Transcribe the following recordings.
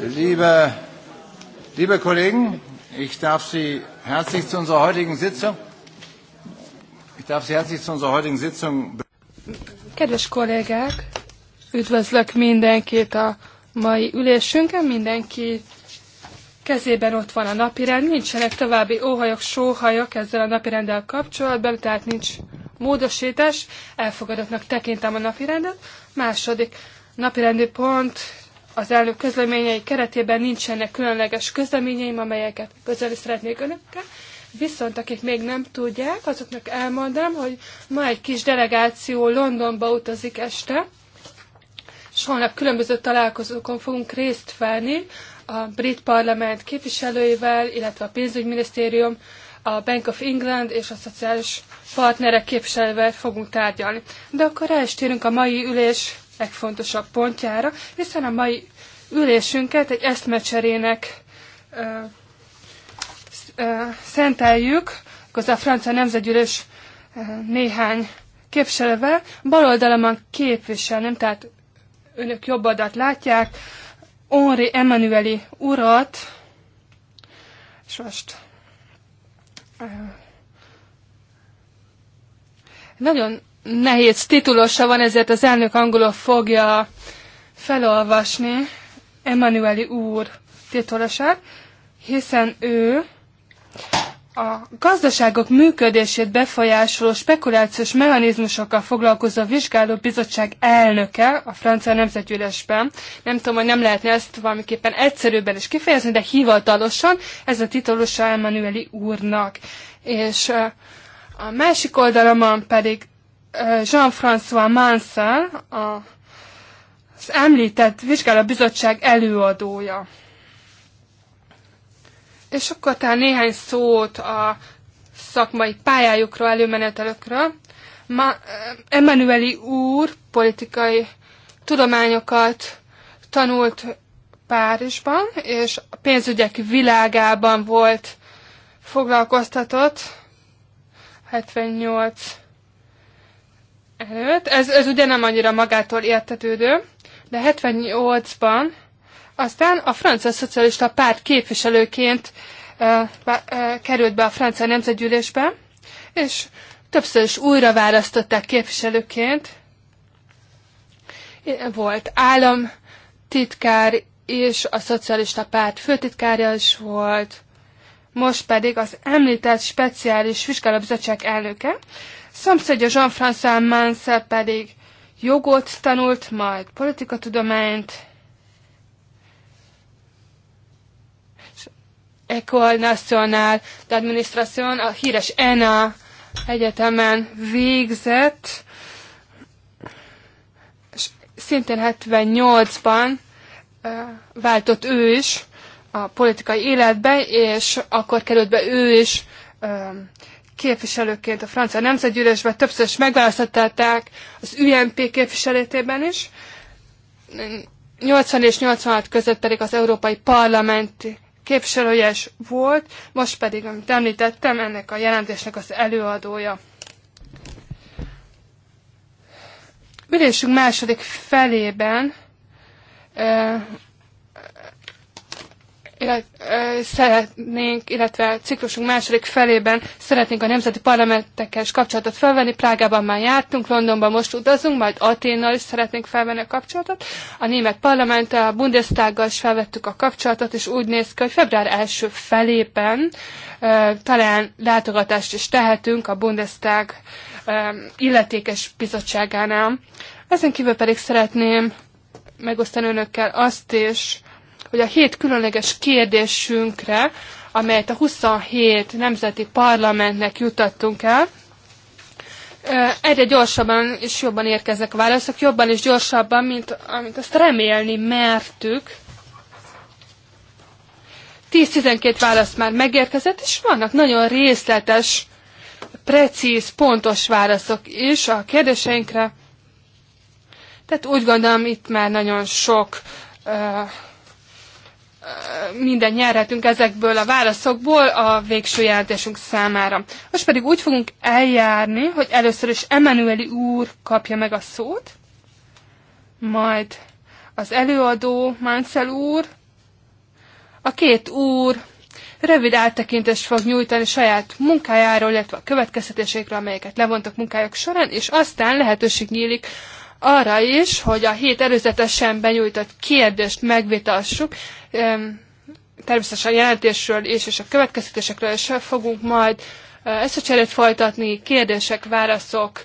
Liebe, liebe Kollegen, ich darf Sie herzlich zu unserer heutigen Sitzung. Ich darf Sie herzlich zu unserer heutigen Sitzung. Kedves kollégák, üdvözlök mindenkit a mai ülésünkön, mindenki kezében ott van a napirend, nincsenek további óhajok, sóhajok ezzel a napirenddel kapcsolatban, tehát nincs módosítás, elfogadottnak tekintem a napirendet. Második napirendi pont az elnök közleményei keretében nincsenek különleges közleményeim, amelyeket közölni szeretnék önökkel. Viszont akik még nem tudják, azoknak elmondanám, hogy ma egy kis delegáció Londonba utazik este, és holnap különböző találkozókon fogunk részt venni a brit parlament képviselőivel, illetve a pénzügyminisztérium, a Bank of England és a szociális partnerek képviselővel fogunk tárgyalni. De akkor elstérünk a mai ülés legfontosabb pontjára, hiszen a mai ülésünket egy eszmecserének ö, ö, szenteljük, az a francia nemzetgyűlés ö, néhány képviselővel, bal oldalamon nem tehát önök jobb adat látják, Henri Emmanueli urat, és most nagyon nehéz titulosa van, ezért az elnök angolul fogja felolvasni Emanueli úr titulosát, hiszen ő a gazdaságok működését befolyásoló spekulációs mechanizmusokkal foglalkozó vizsgáló bizottság elnöke a francia nemzetgyűlésben. Nem tudom, hogy nem lehetne ezt valamiképpen egyszerűbben is kifejezni, de hivatalosan ez a titulusa Emanueli úrnak. És a másik oldalamon pedig Jean-François Mansell, az említett vizsgálóbizottság előadója. És akkor talán néhány szót a szakmai pályájukról, előmenetelőkről. Ma, Emanueli eh, úr politikai tudományokat tanult Párizsban, és a pénzügyek világában volt foglalkoztatott 78 előtt. Ez, ez ugye nem annyira magától értetődő, de 78-ban aztán a francia szocialista párt képviselőként e, e, került be a francia nemzetgyűlésbe, és többször is újra választották képviselőként. Volt államtitkár és a szocialista párt főtitkárja is volt, most pedig az említett speciális vizsgálóbizottság elnöke, Szomszédja Jean-François Manse pedig jogot tanult, majd politikatudományt, Ecole Nationale d'Administration, a híres ENA egyetemen végzett, és szintén 78-ban váltott ő is a politikai életbe, és akkor került be ő is képviselőként a francia nemzetgyűlésben többször is megválasztották az UMP képviseletében is. 80 és 86 között pedig az Európai Parlament képviselője is volt, most pedig, amit említettem, ennek a jelentésnek az előadója. Ülésünk második felében illet, szeretnénk, illetve ciklusunk második felében szeretnénk a nemzeti parlamentekkel kapcsolatot felvenni. Prágában már jártunk, Londonban most utazunk, majd Aténnal is szeretnénk felvenni a kapcsolatot. A német parlamenttel, a Bundestaggal is felvettük a kapcsolatot, és úgy néz ki, hogy február első felében talán látogatást is tehetünk a Bundestag illetékes bizottságánál. Ezen kívül pedig szeretném megosztani önökkel azt is, hogy a hét különleges kérdésünkre, amelyet a 27 nemzeti parlamentnek jutattunk el, egyre gyorsabban és jobban érkeznek a válaszok, jobban és gyorsabban, mint amit azt remélni mertük. 10-12 válasz már megérkezett, és vannak nagyon részletes, precíz, pontos válaszok is a kérdéseinkre. Tehát úgy gondolom, itt már nagyon sok uh, minden nyerhetünk ezekből a válaszokból a végső jelentésünk számára. Most pedig úgy fogunk eljárni, hogy először is Emanueli úr kapja meg a szót, majd az előadó Mansell úr, a két úr rövid áttekintést fog nyújtani saját munkájáról, illetve a következtetésekről, amelyeket levontak munkájuk során, és aztán lehetőség nyílik arra is, hogy a hét előzetesen benyújtott kérdést megvitassuk. Természetesen a jelentésről is, és a következtetésekről is fogunk majd ezt a cserét folytatni, kérdések, válaszok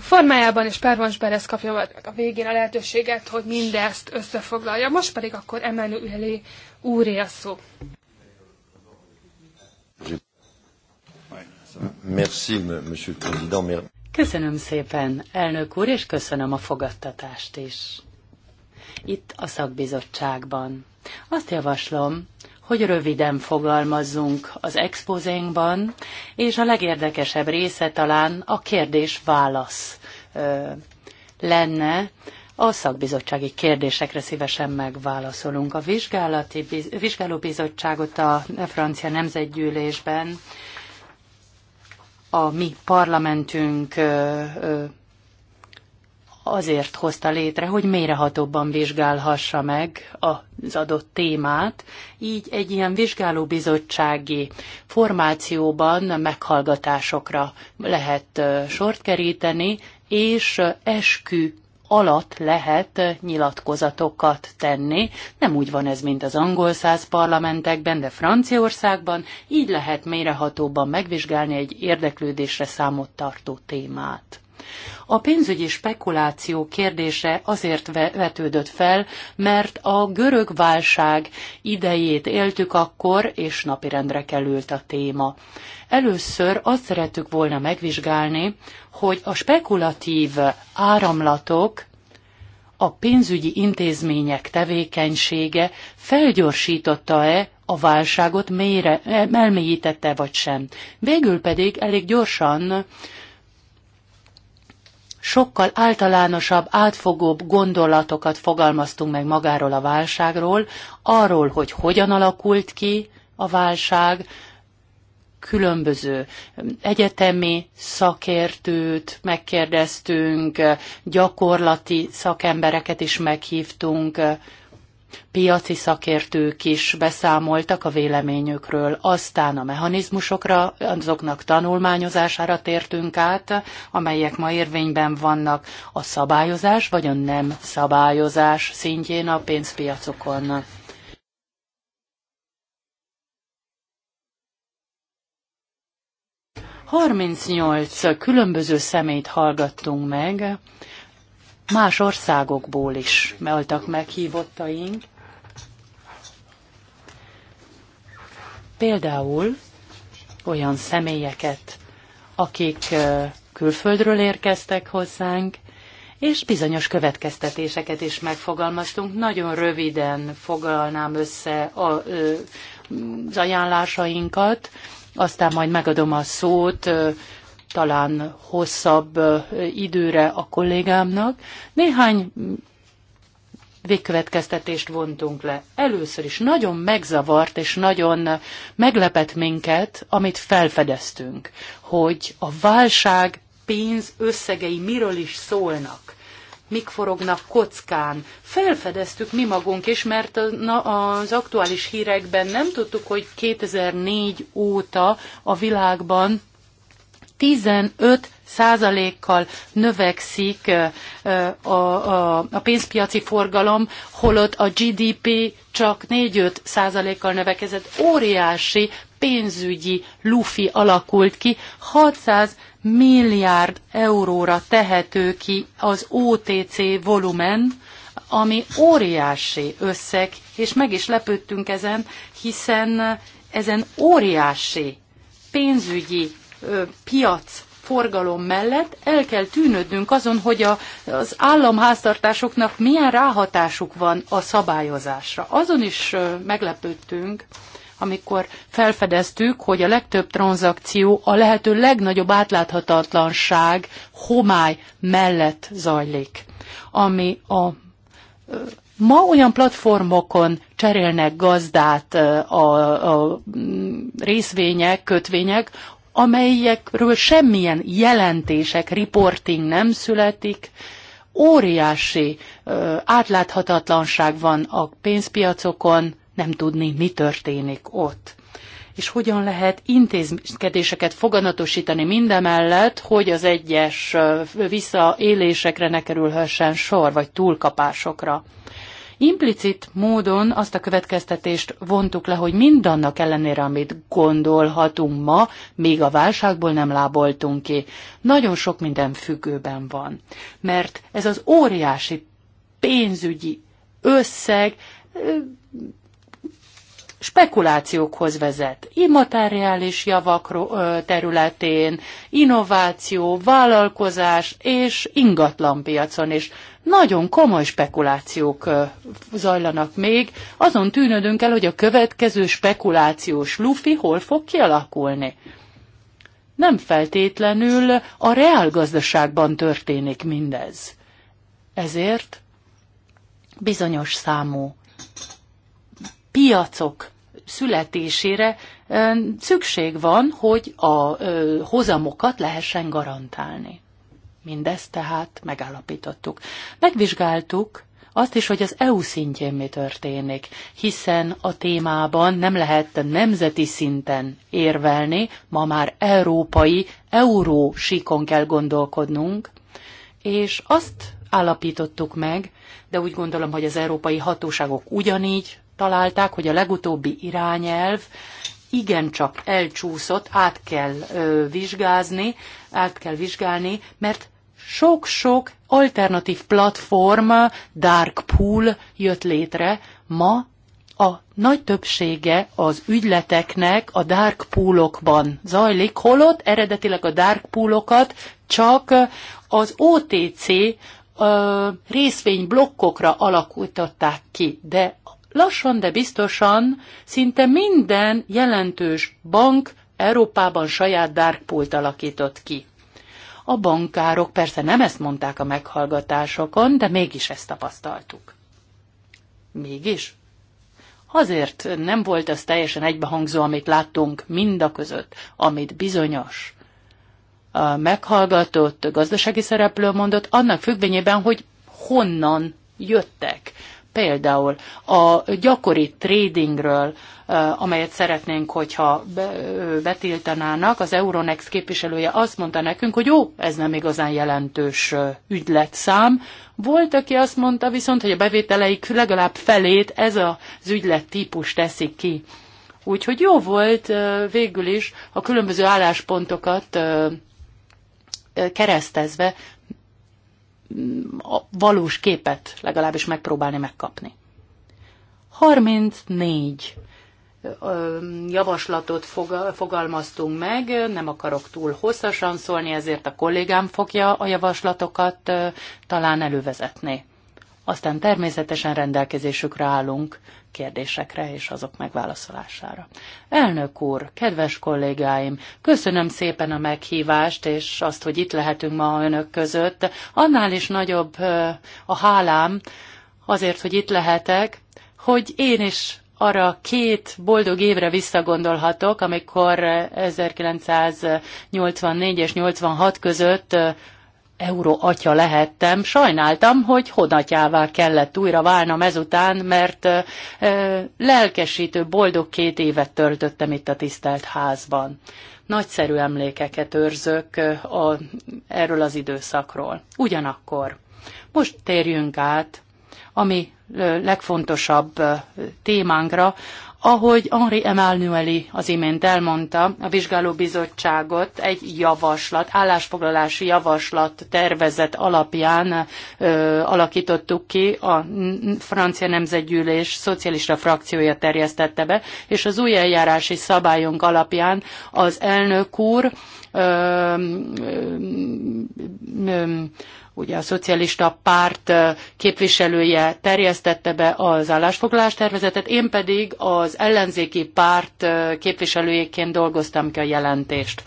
formájában, és Pervans Berez kapja majd a végén a lehetőséget, hogy mindezt összefoglalja. Most pedig akkor Emanueli úré a szó. Merci, monsieur le président. Köszönöm szépen, elnök úr, és köszönöm a fogadtatást is. Itt a szakbizottságban. Azt javaslom, hogy röviden fogalmazzunk az expozénkban, és a legérdekesebb része talán a kérdés-válasz lenne, a szakbizottsági kérdésekre szívesen megválaszolunk. A vizsgálati, vizsgálóbizottságot a francia nemzetgyűlésben a mi parlamentünk azért hozta létre, hogy mérehatóbban vizsgálhassa meg az adott témát. Így egy ilyen vizsgálóbizottsági formációban meghallgatásokra lehet sort keríteni, és eskü alatt lehet nyilatkozatokat tenni. Nem úgy van ez, mint az angol száz parlamentekben, de Franciaországban így lehet mérehatóban megvizsgálni egy érdeklődésre számot tartó témát. A pénzügyi spekuláció kérdése azért vetődött fel, mert a görög válság idejét éltük akkor, és napirendre került a téma. Először azt szerettük volna megvizsgálni, hogy a spekulatív áramlatok a pénzügyi intézmények tevékenysége felgyorsította-e a válságot, mélyre, e, elmélyítette vagy sem. Végül pedig elég gyorsan sokkal általánosabb, átfogóbb gondolatokat fogalmaztunk meg magáról a válságról, arról, hogy hogyan alakult ki a válság, különböző egyetemi szakértőt megkérdeztünk, gyakorlati szakembereket is meghívtunk, piaci szakértők is beszámoltak a véleményükről. Aztán a mechanizmusokra, azoknak tanulmányozására tértünk át, amelyek ma érvényben vannak a szabályozás vagy a nem szabályozás szintjén a pénzpiacokon. 38 különböző szemét hallgattunk meg, más országokból is voltak meghívottaink. Például olyan személyeket, akik külföldről érkeztek hozzánk, és bizonyos következtetéseket is megfogalmaztunk. Nagyon röviden fogalnám össze a, az ajánlásainkat aztán majd megadom a szót talán hosszabb időre a kollégámnak. Néhány végkövetkeztetést vontunk le. Először is nagyon megzavart és nagyon meglepett minket, amit felfedeztünk, hogy a válság pénz összegei miről is szólnak mik forognak kockán. Felfedeztük mi magunk is, mert az aktuális hírekben nem tudtuk, hogy 2004 óta a világban 15 százalékkal növekszik a, a, a pénzpiaci forgalom, holott a GDP csak 4-5 százalékkal növekezett. Óriási pénzügyi lufi alakult ki, 600 milliárd euróra tehető ki az OTC volumen, ami óriási összeg, és meg is lepődtünk ezen, hiszen ezen óriási pénzügyi ö, piac forgalom mellett el kell tűnődnünk azon, hogy a, az államháztartásoknak milyen ráhatásuk van a szabályozásra. Azon is ö, meglepődtünk, amikor felfedeztük, hogy a legtöbb tranzakció a lehető legnagyobb átláthatatlanság homály mellett zajlik, ami a Ma olyan platformokon cserélnek gazdát a, a mm, részvények, kötvények, amelyekről semmilyen jelentések, reporting nem születik, óriási ö, átláthatatlanság van a pénzpiacokon, nem tudni, mi történik ott és hogyan lehet intézkedéseket foganatosítani mindemellett, hogy az egyes visszaélésekre ne kerülhessen sor, vagy túlkapásokra. Implicit módon azt a következtetést vontuk le, hogy mindannak ellenére, amit gondolhatunk ma, még a válságból nem láboltunk ki. Nagyon sok minden függőben van, mert ez az óriási pénzügyi összeg spekulációkhoz vezet. Immateriális javak területén, innováció, vállalkozás és ingatlanpiacon is. Nagyon komoly spekulációk zajlanak még. Azon tűnödünk el, hogy a következő spekulációs lufi hol fog kialakulni. Nem feltétlenül a reálgazdaságban történik mindez. Ezért bizonyos számú piacok születésére szükség van, hogy a hozamokat lehessen garantálni. Mindezt tehát megállapítottuk. Megvizsgáltuk azt is, hogy az EU szintjén mi történik, hiszen a témában nem lehet nemzeti szinten érvelni, ma már európai, euró síkon kell gondolkodnunk, és azt állapítottuk meg, de úgy gondolom, hogy az európai hatóságok ugyanígy találták, hogy a legutóbbi irányelv igencsak elcsúszott, át kell ö, vizsgázni, át kell vizsgálni, mert sok-sok alternatív platform, dark pool jött létre. Ma a nagy többsége az ügyleteknek a dark poolokban zajlik, holott eredetileg a dark poolokat csak az OTC részvényblokkokra alakították ki, de lassan, de biztosan szinte minden jelentős bank Európában saját dárkpult alakított ki. A bankárok persze nem ezt mondták a meghallgatásokon, de mégis ezt tapasztaltuk. Mégis? Azért nem volt az teljesen egybehangzó, amit láttunk mind között, amit bizonyos a meghallgatott gazdasági szereplő mondott, annak függvényében, hogy honnan jöttek. Például a gyakori tradingről, amelyet szeretnénk, hogyha betiltanának, az Euronext képviselője azt mondta nekünk, hogy jó, ez nem igazán jelentős ügyletszám. Volt, aki azt mondta viszont, hogy a bevételeik legalább felét ez az ügylet típus teszik ki. Úgyhogy jó volt végül is a különböző álláspontokat keresztezve a valós képet legalábbis megpróbálni megkapni. 34 javaslatot fogalmaztunk meg, nem akarok túl hosszasan szólni, ezért a kollégám fogja a javaslatokat talán elővezetni. Aztán természetesen rendelkezésükre állunk kérdésekre és azok megválaszolására. Elnök úr, kedves kollégáim, köszönöm szépen a meghívást, és azt, hogy itt lehetünk ma önök között. Annál is nagyobb a hálám azért, hogy itt lehetek, hogy én is arra két boldog évre visszagondolhatok, amikor 1984 és 86 között euró atya lehettem. Sajnáltam, hogy honatyává kellett újra válnom ezután, mert ö, lelkesítő, boldog két évet töltöttem itt a tisztelt házban. Nagyszerű emlékeket őrzök a, erről az időszakról. Ugyanakkor most térjünk át, ami legfontosabb témánkra, ahogy Henri Emmanueli az imént elmondta, a vizsgálóbizottságot egy javaslat, állásfoglalási javaslat tervezet alapján ö, alakítottuk ki, a francia nemzetgyűlés szocialista frakciója terjesztette be, és az új eljárási szabályunk alapján az elnök úr ö, ö, ö, ugye a szocialista párt képviselője terjesztette be az állásfoglalás tervezetet, én pedig az ellenzéki párt képviselőjéként dolgoztam ki a jelentést.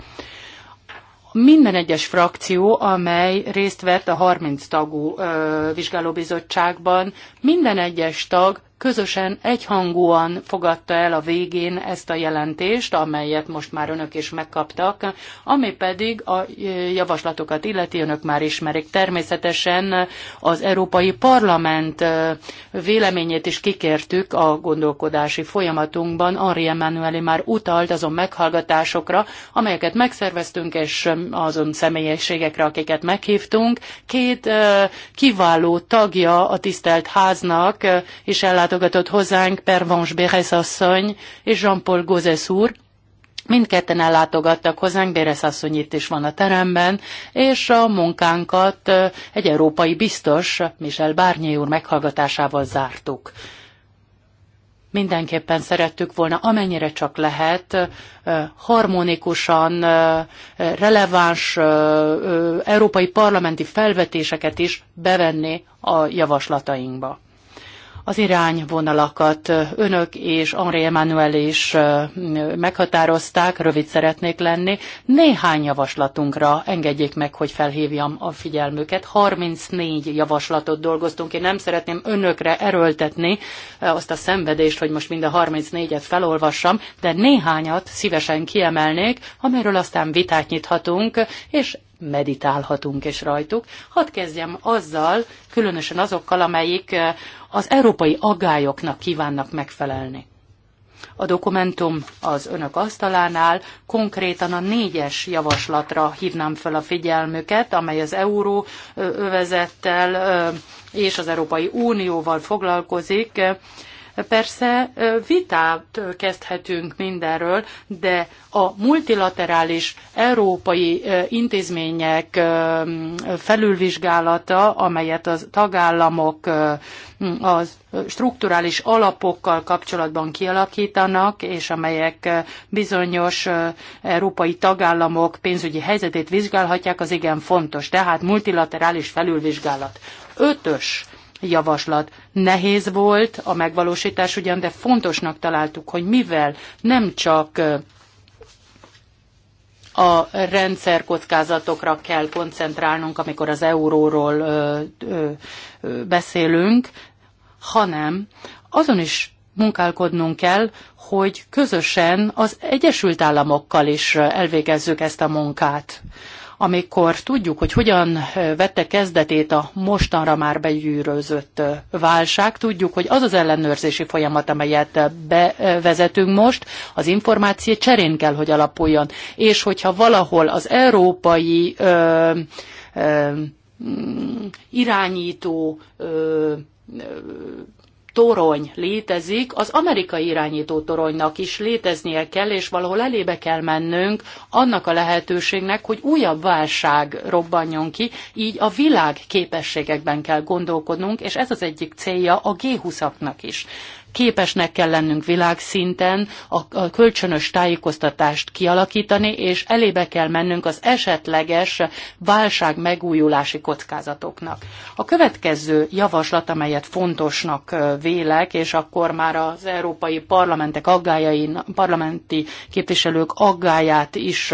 Minden egyes frakció, amely részt vett a 30 tagú ö, vizsgálóbizottságban, minden egyes tag közösen, egyhangúan fogadta el a végén ezt a jelentést, amelyet most már önök is megkaptak, ami pedig a javaslatokat illeti, önök már ismerik. Természetesen az Európai Parlament véleményét is kikértük a gondolkodási folyamatunkban. Henri Emmanueli már utalt azon meghallgatásokra, amelyeket megszerveztünk, és azon személyiségekre, akiket meghívtunk. Két kiváló tagja a tisztelt háznak, és ellát látogatott hozzánk Pervans Béhez asszony és Jean-Paul Gózes úr, Mindketten ellátogattak hozzánk, Béres asszony itt is van a teremben, és a munkánkat egy európai biztos, Michel Bárnyi úr meghallgatásával zártuk. Mindenképpen szerettük volna, amennyire csak lehet, harmonikusan, releváns európai parlamenti felvetéseket is bevenni a javaslatainkba az irányvonalakat önök és Henri Emmanuel is meghatározták, rövid szeretnék lenni. Néhány javaslatunkra engedjék meg, hogy felhívjam a figyelmüket. 34 javaslatot dolgoztunk. Én nem szeretném önökre erőltetni azt a szenvedést, hogy most mind a 34-et felolvassam, de néhányat szívesen kiemelnék, amiről aztán vitát nyithatunk, és meditálhatunk és rajtuk. Hadd kezdjem azzal, különösen azokkal, amelyik az európai agályoknak kívánnak megfelelni. A dokumentum az önök asztalánál konkrétan a négyes javaslatra hívnám fel a figyelmüket, amely az euró övezettel és az Európai Unióval foglalkozik Persze vitát kezdhetünk mindenről, de a multilaterális európai intézmények felülvizsgálata, amelyet a tagállamok a strukturális alapokkal kapcsolatban kialakítanak, és amelyek bizonyos európai tagállamok pénzügyi helyzetét vizsgálhatják, az igen fontos. Tehát multilaterális felülvizsgálat. Ötös javaslat. Nehéz volt a megvalósítás ugyan, de fontosnak találtuk, hogy mivel nem csak a rendszerkockázatokra kell koncentrálnunk, amikor az euróról ö, ö, beszélünk, hanem azon is munkálkodnunk kell, hogy közösen az Egyesült Államokkal is elvégezzük ezt a munkát amikor tudjuk, hogy hogyan vette kezdetét a mostanra már begyűrözött válság, tudjuk, hogy az az ellenőrzési folyamat, amelyet bevezetünk most, az információ cserén kell, hogy alapuljon. És hogyha valahol az európai ö, ö, irányító ö, torony létezik, az amerikai irányító toronynak is léteznie kell, és valahol elébe kell mennünk annak a lehetőségnek, hogy újabb válság robbanjon ki, így a világ képességekben kell gondolkodnunk, és ez az egyik célja a G20-aknak is képesnek kell lennünk világszinten a, a kölcsönös tájékoztatást kialakítani, és elébe kell mennünk az esetleges válság megújulási kockázatoknak. A következő javaslat, amelyet fontosnak vélek, és akkor már az európai parlamentek aggájain, parlamenti képviselők aggáját is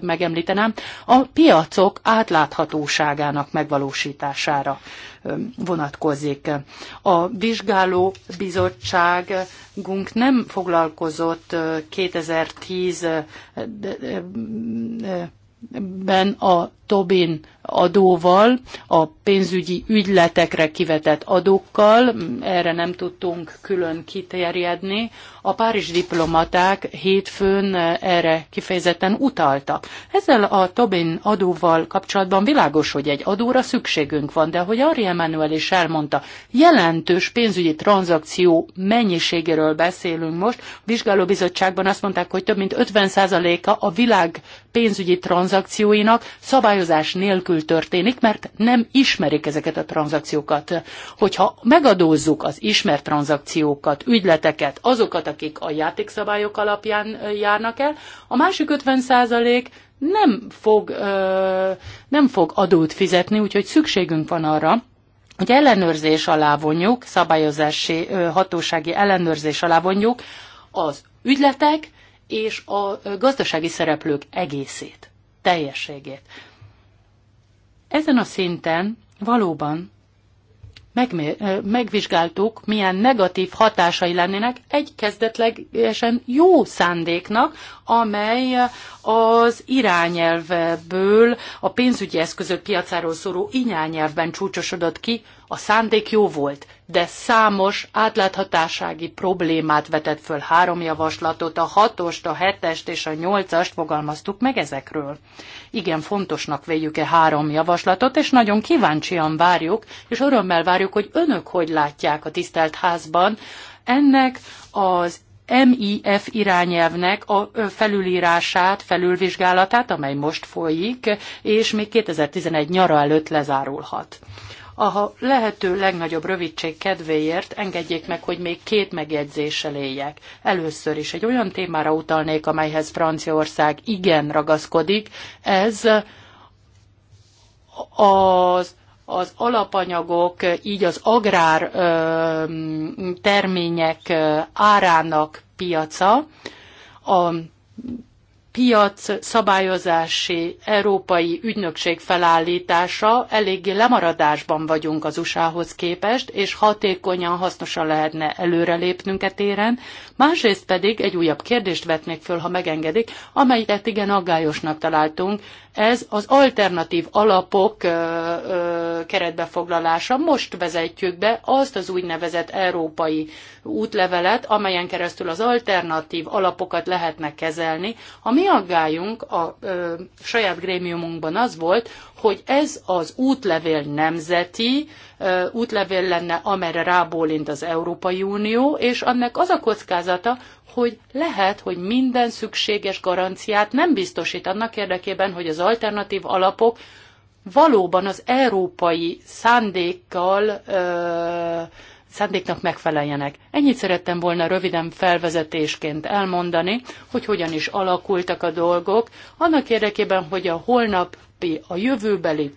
megemlíteném, a piacok átláthatóságának megvalósítására vonatkozik. A vizsgáló bizottságunk nem foglalkozott 2010 ben a Tobin adóval, a pénzügyi ügyletekre kivetett adókkal, erre nem tudtunk külön kiterjedni. A Párizs diplomaták hétfőn erre kifejezetten utaltak. Ezzel a Tobin adóval kapcsolatban világos, hogy egy adóra szükségünk van, de ahogy Ari Emanuel is elmondta, jelentős pénzügyi tranzakció mennyiségéről beszélünk most. A vizsgálóbizottságban azt mondták, hogy több mint 50%-a a világ pénzügyi tranzakcióinak szabályos célzás nélkül történik, mert nem ismerik ezeket a tranzakciókat. Hogyha megadózzuk az ismert tranzakciókat, ügyleteket, azokat, akik a játékszabályok alapján járnak el, a másik 50 százalék nem fog, nem fog adót fizetni, úgyhogy szükségünk van arra, hogy ellenőrzés alá vonjuk, szabályozási hatósági ellenőrzés alá vonjuk az ügyletek és a gazdasági szereplők egészét, teljességét. Ezen a szinten valóban megvizsgáltuk, milyen negatív hatásai lennének egy kezdetlegesen jó szándéknak, amely az irányelvből, a pénzügyi eszközök piacáról szóló irányelvben csúcsosodott ki, a szándék jó volt, de számos átláthatásági problémát vetett föl három javaslatot, a hatost, a hetest és a nyolcast fogalmaztuk meg ezekről. Igen fontosnak véljük-e három javaslatot, és nagyon kíváncsian várjuk, és örömmel várjuk, hogy önök hogy látják a tisztelt házban ennek az MIF irányelvnek a felülírását, felülvizsgálatát, amely most folyik, és még 2011 nyara előtt lezárulhat. A lehető legnagyobb rövidség kedvéért engedjék meg, hogy még két megjegyzéssel éljek. Először is egy olyan témára utalnék, amelyhez Franciaország igen ragaszkodik. Ez az az alapanyagok, így az agrár termények árának piaca, a piac szabályozási európai ügynökség felállítása eléggé lemaradásban vagyunk az USA-hoz képest, és hatékonyan, hasznosan lehetne előrelépnünk e téren. Másrészt pedig egy újabb kérdést vetnék föl, ha megengedik, amelyet igen aggályosnak találtunk. Ez az alternatív alapok ö, ö, keretbefoglalása. Most vezetjük be azt az úgynevezett európai útlevelet, amelyen keresztül az alternatív alapokat lehetne kezelni, ami mi aggályunk a ö, saját grémiumunkban az volt, hogy ez az útlevél nemzeti ö, útlevél lenne, amerre rábólint az Európai Unió, és annak az a kockázata, hogy lehet, hogy minden szükséges garanciát nem biztosít annak érdekében, hogy az alternatív alapok valóban az európai szándékkal ö, szándéknak megfeleljenek. Ennyit szerettem volna röviden felvezetésként elmondani, hogy hogyan is alakultak a dolgok, annak érdekében, hogy a holnapi, a jövőbeli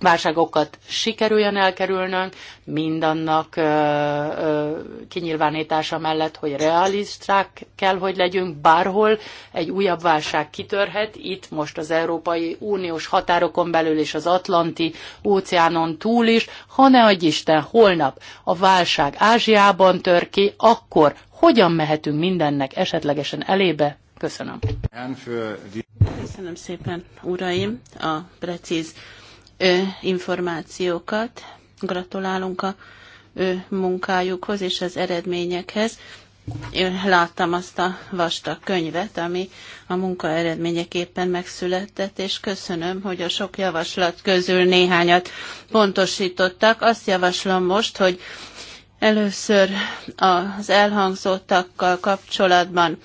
válságokat sikerüljön elkerülnünk, mindannak ö, ö, kinyilvánítása mellett, hogy realisták kell, hogy legyünk, bárhol egy újabb válság kitörhet, itt most az Európai Uniós határokon belül és az Atlanti óceánon túl is, ha ne adj Isten, holnap a válság Ázsiában tör ki, akkor hogyan mehetünk mindennek esetlegesen elébe? Köszönöm. Köszönöm szépen, uraim, a precíz információkat. Gratulálunk a munkájukhoz és az eredményekhez. Én láttam azt a vastag könyvet, ami a munka eredményeképpen megszületett, és köszönöm, hogy a sok javaslat közül néhányat pontosítottak. Azt javaslom most, hogy először az elhangzottakkal kapcsolatban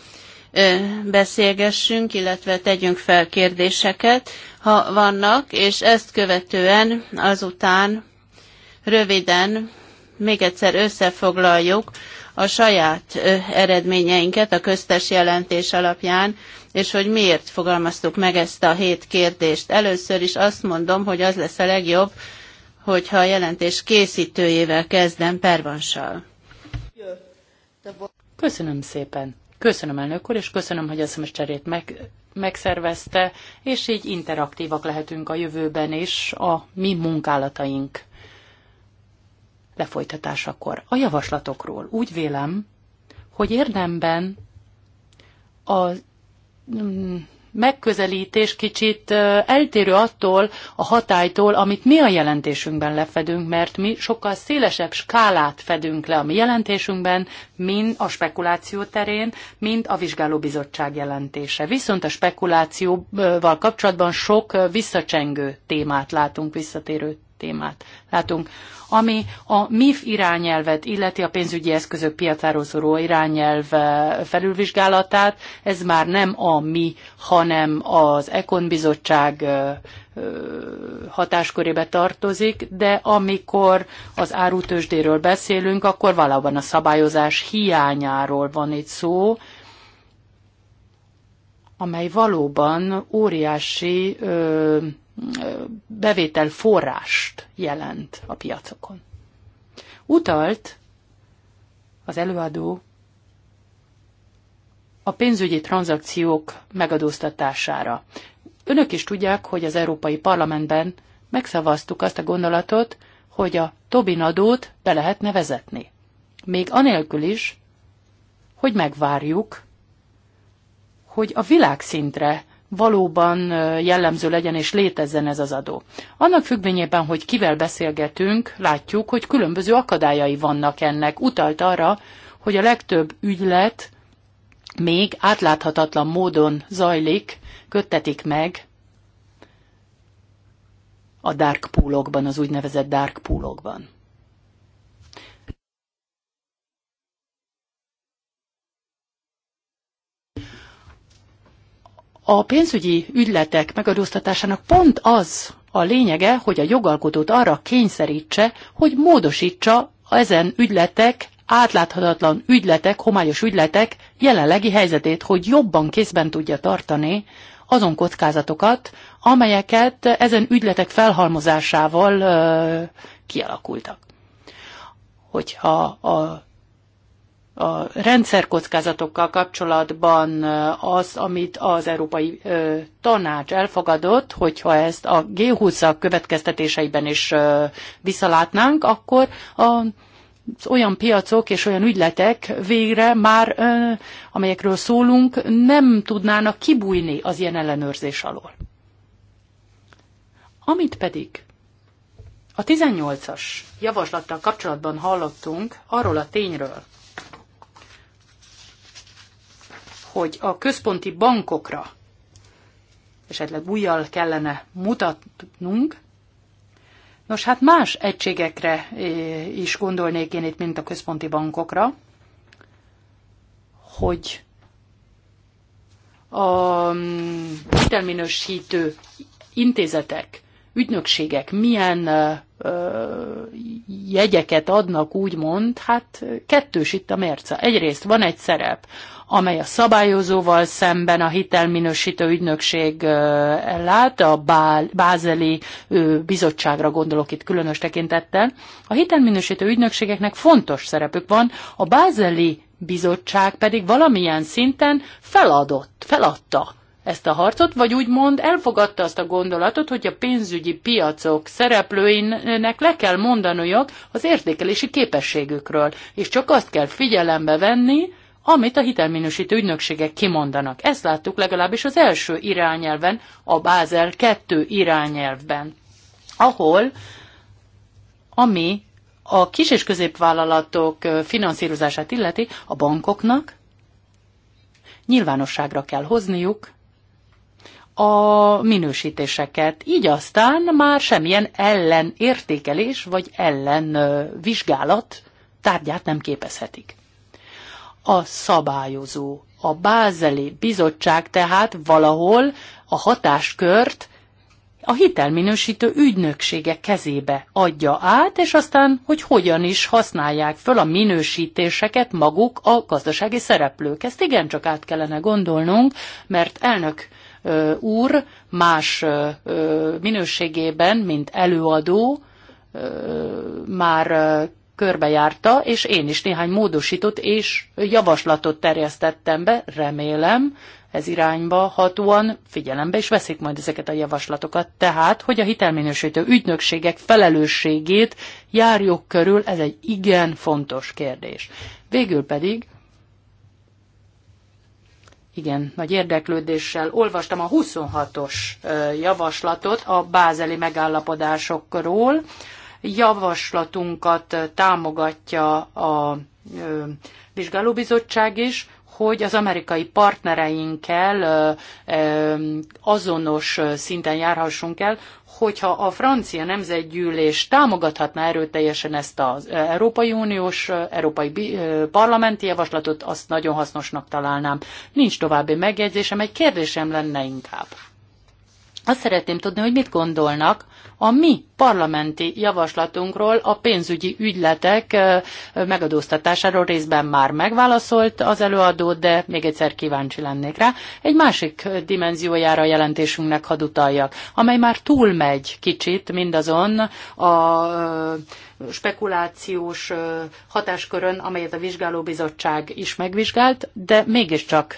beszélgessünk, illetve tegyünk fel kérdéseket, ha vannak, és ezt követően azután röviden még egyszer összefoglaljuk a saját eredményeinket a köztes jelentés alapján, és hogy miért fogalmaztuk meg ezt a hét kérdést. Először is azt mondom, hogy az lesz a legjobb, hogyha a jelentés készítőjével kezdem pervansal. Köszönöm szépen. Köszönöm elnök úr, és köszönöm, hogy ezt most cserét meg, megszervezte, és így interaktívak lehetünk a jövőben is a mi munkálataink lefolytatásakor. A javaslatokról úgy vélem, hogy érdemben a mm, megközelítés kicsit eltérő attól a hatálytól, amit mi a jelentésünkben lefedünk, mert mi sokkal szélesebb skálát fedünk le a mi jelentésünkben, mint a spekuláció terén, mint a vizsgálóbizottság jelentése. Viszont a spekulációval kapcsolatban sok visszacsengő témát látunk, visszatérő témát látunk. Ami a MIF irányelvet illeti a pénzügyi eszközök piacáról szóló irányelv eh, felülvizsgálatát, ez már nem a mi, hanem az Ekon bizottság eh, eh, hatáskörébe tartozik, de amikor az árutősdéről beszélünk, akkor valóban a szabályozás hiányáról van itt szó, amely valóban óriási ö, bevétel forrást jelent a piacokon. Utalt az előadó a pénzügyi tranzakciók megadóztatására. Önök is tudják, hogy az Európai Parlamentben megszavaztuk azt a gondolatot, hogy a Tobin adót be lehetne vezetni. Még anélkül is, hogy megvárjuk, hogy a világszintre valóban jellemző legyen és létezzen ez az adó. Annak függvényében, hogy kivel beszélgetünk, látjuk, hogy különböző akadályai vannak ennek. Utalt arra, hogy a legtöbb ügylet még átláthatatlan módon zajlik, köttetik meg a dark poolokban, az úgynevezett dark poolokban. A pénzügyi ügyletek megadóztatásának pont az a lényege, hogy a jogalkotót arra kényszerítse, hogy módosítsa ezen ügyletek átláthatatlan ügyletek, homályos ügyletek jelenlegi helyzetét, hogy jobban kézben tudja tartani azon kockázatokat, amelyeket ezen ügyletek felhalmozásával ö, kialakultak. Hogyha a a rendszerkockázatokkal kapcsolatban az, amit az Európai Tanács elfogadott, hogyha ezt a g 20 következtetéseiben is visszalátnánk, akkor a olyan piacok és olyan ügyletek végre már, amelyekről szólunk, nem tudnának kibújni az ilyen ellenőrzés alól. Amit pedig a 18-as javaslattal kapcsolatban hallottunk arról a tényről, hogy a központi bankokra esetleg újjal kellene mutatnunk, Nos, hát más egységekre eh, is gondolnék én itt, mint a központi bankokra, hogy a mm, hitelminősítő intézetek, ügynökségek milyen eh, eh, jegyeket adnak, úgymond, hát kettős itt a mérce. Egyrészt van egy szerep, amely a szabályozóval szemben a hitelminősítő ügynökség lát, a Bázeli bizottságra gondolok itt különös tekintettel. A hitelminősítő ügynökségeknek fontos szerepük van, a Bázeli bizottság pedig valamilyen szinten feladott, feladta ezt a harcot, vagy úgymond elfogadta azt a gondolatot, hogy a pénzügyi piacok szereplőinek le kell mondaniuk az értékelési képességükről, és csak azt kell figyelembe venni, amit a hitelminősítő ügynökségek kimondanak. Ezt láttuk legalábbis az első irányelven, a Bázel 2 irányelvben, ahol ami a kis- és középvállalatok finanszírozását illeti, a bankoknak nyilvánosságra kell hozniuk a minősítéseket. Így aztán már semmilyen ellenértékelés vagy ellenvizsgálat tárgyát nem képezhetik a szabályozó. A Bázeli Bizottság tehát valahol a hatáskört a hitelminősítő ügynöksége kezébe adja át, és aztán, hogy hogyan is használják föl a minősítéseket maguk a gazdasági szereplők. Ezt igencsak át kellene gondolnunk, mert elnök ö, úr más ö, minőségében, mint előadó, már körbejárta, és én is néhány módosított és javaslatot terjesztettem be, remélem, ez irányba hatóan figyelembe is veszik majd ezeket a javaslatokat. Tehát, hogy a hitelminősítő ügynökségek felelősségét járjuk körül, ez egy igen fontos kérdés. Végül pedig, igen, nagy érdeklődéssel olvastam a 26-os javaslatot a bázeli megállapodásokról, javaslatunkat támogatja a vizsgálóbizottság is, hogy az amerikai partnereinkkel azonos szinten járhassunk el, hogyha a francia nemzetgyűlés támogathatná erőteljesen ezt az Európai Uniós, Európai Parlamenti javaslatot, azt nagyon hasznosnak találnám. Nincs további megjegyzésem, egy kérdésem lenne inkább. Azt szeretném tudni, hogy mit gondolnak a mi parlamenti javaslatunkról a pénzügyi ügyletek megadóztatásáról részben már megválaszolt az előadó, de még egyszer kíváncsi lennék rá. Egy másik dimenziójára a jelentésünknek hadd utaljak, amely már túlmegy kicsit mindazon a spekulációs hatáskörön, amelyet a vizsgálóbizottság is megvizsgált, de mégiscsak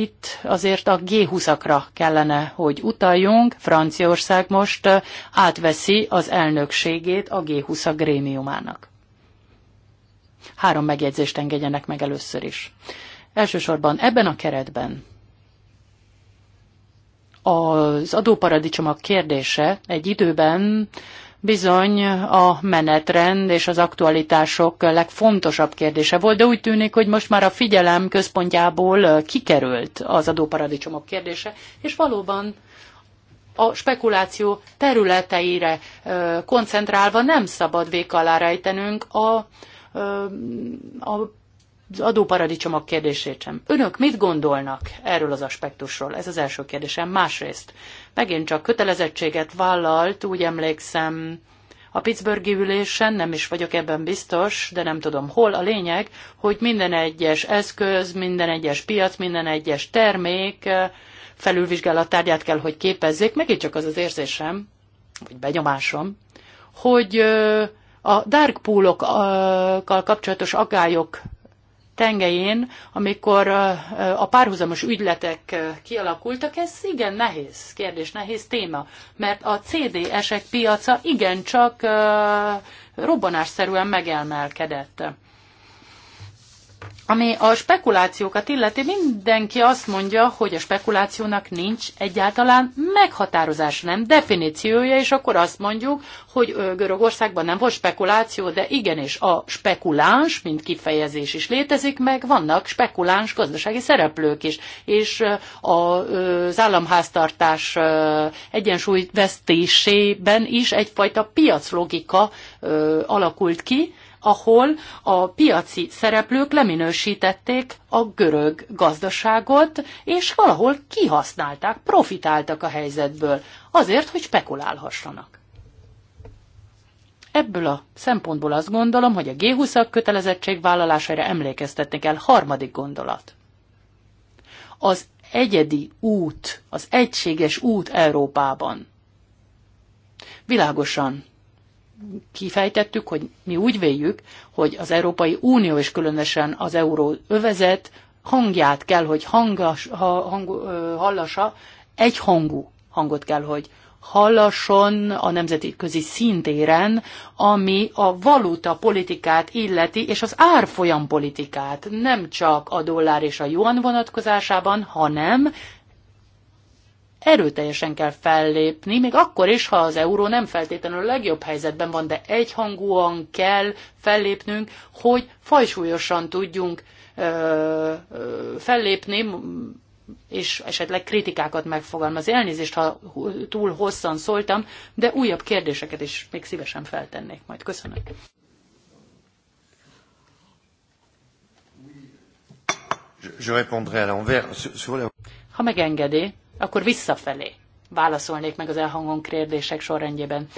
itt azért a G20-akra kellene, hogy utaljunk. Franciaország most átveszi az elnökségét a G20-ak grémiumának. Három megjegyzést engedjenek meg először is. Elsősorban ebben a keretben az adóparadicsomok kérdése egy időben bizony a menetrend és az aktualitások legfontosabb kérdése volt, de úgy tűnik, hogy most már a figyelem központjából kikerült az adóparadicsomok kérdése, és valóban a spekuláció területeire koncentrálva nem szabad vék alá rejtenünk a, a az adóparadicsomok kérdését sem. Önök mit gondolnak erről az aspektusról? Ez az első kérdésem. Másrészt megint csak kötelezettséget vállalt, úgy emlékszem, a Pittsburghi ülésen, nem is vagyok ebben biztos, de nem tudom hol, a lényeg, hogy minden egyes eszköz, minden egyes piac, minden egyes termék eh, felülvizsgálattárgyát kell, hogy képezzék. Megint csak az az érzésem, vagy benyomásom, hogy eh, a dark poolokkal kapcsolatos aggályok tengelyén, amikor a párhuzamos ügyletek kialakultak, ez igen nehéz kérdés, nehéz téma, mert a CDS-ek piaca igencsak robbanásszerűen megelmelkedett. Ami a spekulációkat illeti, mindenki azt mondja, hogy a spekulációnak nincs egyáltalán meghatározás, nem definíciója, és akkor azt mondjuk, hogy Görögországban nem volt spekuláció, de igenis a spekuláns, mint kifejezés is létezik, meg vannak spekuláns gazdasági szereplők is, és az államháztartás egyensúly vesztésében is egyfajta piaclogika alakult ki, ahol a piaci szereplők leminősítették a görög gazdaságot, és valahol kihasználták, profitáltak a helyzetből, azért, hogy spekulálhassanak. Ebből a szempontból azt gondolom, hogy a G20-ak kötelezettségvállalására emlékeztetni kell. Harmadik gondolat. Az egyedi út, az egységes út Európában. Világosan kifejtettük, hogy mi úgy véljük, hogy az Európai Unió és különösen az övezet hangját kell, hogy hangas, ha, hang, egy hangú hangot kell, hogy hallasson a nemzetközi szintéren, ami a valuta politikát illeti, és az árfolyam politikát, nem csak a dollár és a yuan vonatkozásában, hanem erőteljesen kell fellépni, még akkor is, ha az euró nem feltétlenül a legjobb helyzetben van, de egyhangúan kell fellépnünk, hogy fajsúlyosan tudjunk ö, ö, fellépni, és esetleg kritikákat megfogalmazni. Elnézést, ha túl hosszan szóltam, de újabb kérdéseket is még szívesen feltennék majd. Köszönöm. Ha megengedi, akkor visszafelé válaszolnék meg az elhangon kérdések sorrendjében.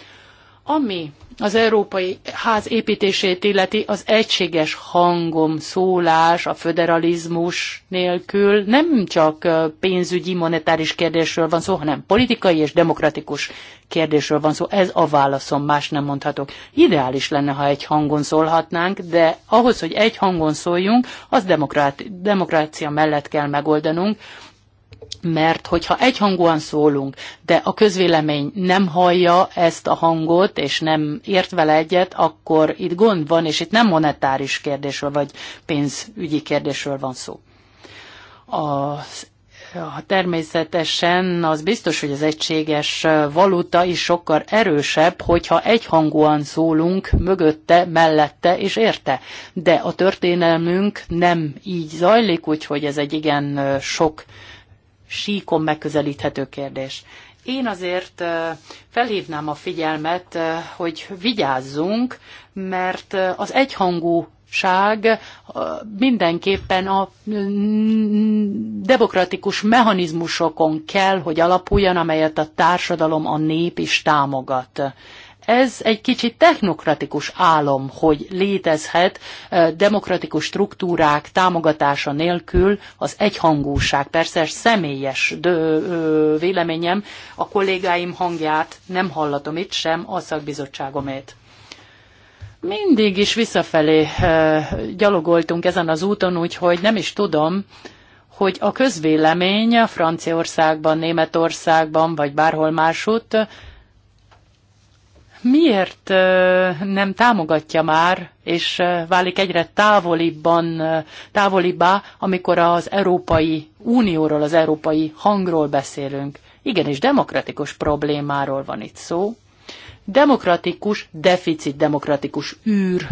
Ami az európai ház építését illeti, az egységes hangom, szólás, a föderalizmus nélkül nem csak pénzügyi, monetáris kérdésről van szó, hanem politikai és demokratikus kérdésről van szó. Ez a válaszom, más nem mondhatok. Ideális lenne, ha egy hangon szólhatnánk, de ahhoz, hogy egy hangon szóljunk, az demokrácia mellett kell megoldanunk, mert hogyha egyhangúan szólunk, de a közvélemény nem hallja ezt a hangot, és nem ért vele egyet, akkor itt gond van, és itt nem monetáris kérdésről, vagy pénzügyi kérdésről van szó. A a természetesen az biztos, hogy az egységes valuta is sokkal erősebb, hogyha egyhangúan szólunk mögötte, mellette és érte. De a történelmünk nem így zajlik, úgyhogy ez egy igen sok síkon megközelíthető kérdés. Én azért felhívnám a figyelmet, hogy vigyázzunk, mert az egyhangú mindenképpen a demokratikus mechanizmusokon kell, hogy alapuljon, amelyet a társadalom, a nép is támogat ez egy kicsit technokratikus álom, hogy létezhet demokratikus struktúrák támogatása nélkül az egyhangúság. Persze ez személyes véleményem, a kollégáim hangját nem hallatom itt sem, a szakbizottságomét. Mindig is visszafelé gyalogoltunk ezen az úton, úgyhogy nem is tudom, hogy a közvélemény Franciaországban, Németországban vagy bárhol másutt miért nem támogatja már, és válik egyre távolibban, távolibbá, amikor az Európai Unióról, az európai hangról beszélünk? Igenis, demokratikus problémáról van itt szó. Demokratikus deficit, demokratikus űr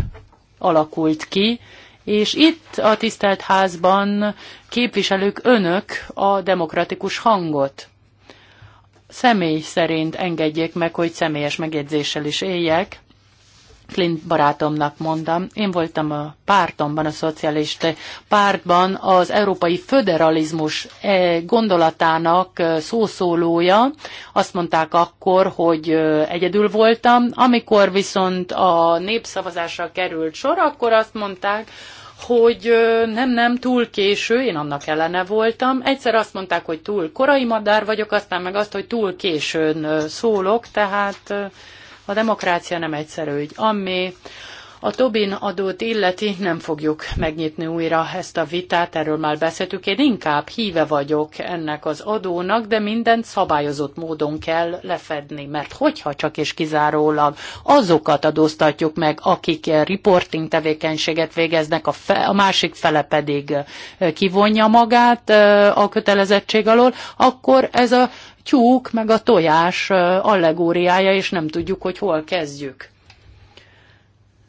alakult ki, és itt a tisztelt házban képviselők önök a demokratikus hangot személy szerint engedjék meg, hogy személyes megjegyzéssel is éljek. Clint barátomnak mondom. Én voltam a pártomban, a szocialista pártban az európai föderalizmus eh, gondolatának eh, szószólója. Azt mondták akkor, hogy eh, egyedül voltam. Amikor viszont a népszavazásra került sor, akkor azt mondták, hogy nem, nem, túl késő, én annak ellene voltam. Egyszer azt mondták, hogy túl korai madár vagyok, aztán meg azt, hogy túl későn szólok, tehát a demokrácia nem egyszerű hogy Ami a Tobin adót illeti nem fogjuk megnyitni újra ezt a vitát, erről már beszéltük. Én inkább híve vagyok ennek az adónak, de mindent szabályozott módon kell lefedni, mert hogyha csak és kizárólag azokat adóztatjuk meg, akik reporting tevékenységet végeznek, a, fe, a másik fele pedig eh, kivonja magát eh, a kötelezettség alól, akkor ez a tyúk meg a tojás eh, allegóriája, és nem tudjuk, hogy hol kezdjük.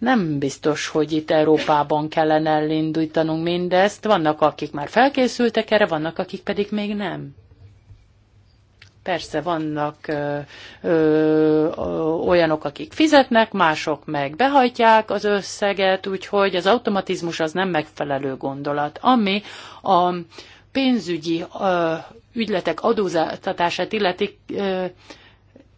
Nem biztos, hogy itt Európában kellene elindítanunk mindezt. Vannak, akik már felkészültek erre, vannak, akik pedig még nem. Persze vannak ö, ö, olyanok, akik fizetnek, mások meg behajtják az összeget, úgyhogy az automatizmus az nem megfelelő gondolat. Ami a pénzügyi ö, ügyletek adózatását illeti, ö,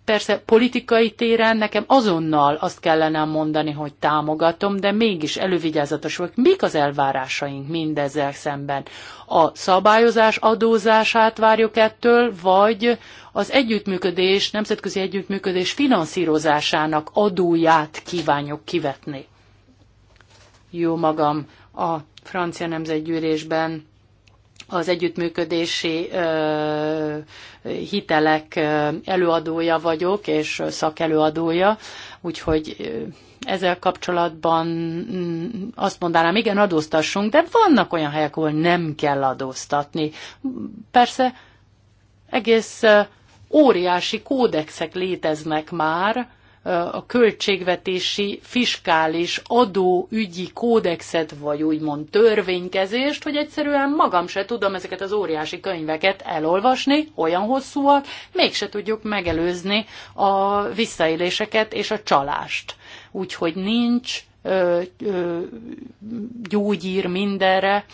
Persze politikai téren nekem azonnal azt kellene mondani, hogy támogatom, de mégis elővigyázatos vagyok. Mik az elvárásaink mindezzel szemben? A szabályozás adózását várjuk ettől, vagy az együttműködés, nemzetközi együttműködés finanszírozásának adóját kívánjuk kivetni? Jó magam, a francia nemzetgyűlésben az együttműködési hitelek előadója vagyok, és szakelőadója, úgyhogy ezzel kapcsolatban mm, azt mondanám, igen, adóztassunk, de vannak olyan helyek, ahol nem kell adóztatni. Persze egész óriási kódexek léteznek már, a költségvetési, fiskális, adóügyi kódexet, vagy úgymond törvénykezést, hogy egyszerűen magam se tudom ezeket az óriási könyveket elolvasni, olyan hosszúak, mégse tudjuk megelőzni a visszaéléseket és a csalást. Úgyhogy nincs ö, ö, gyógyír mindenre,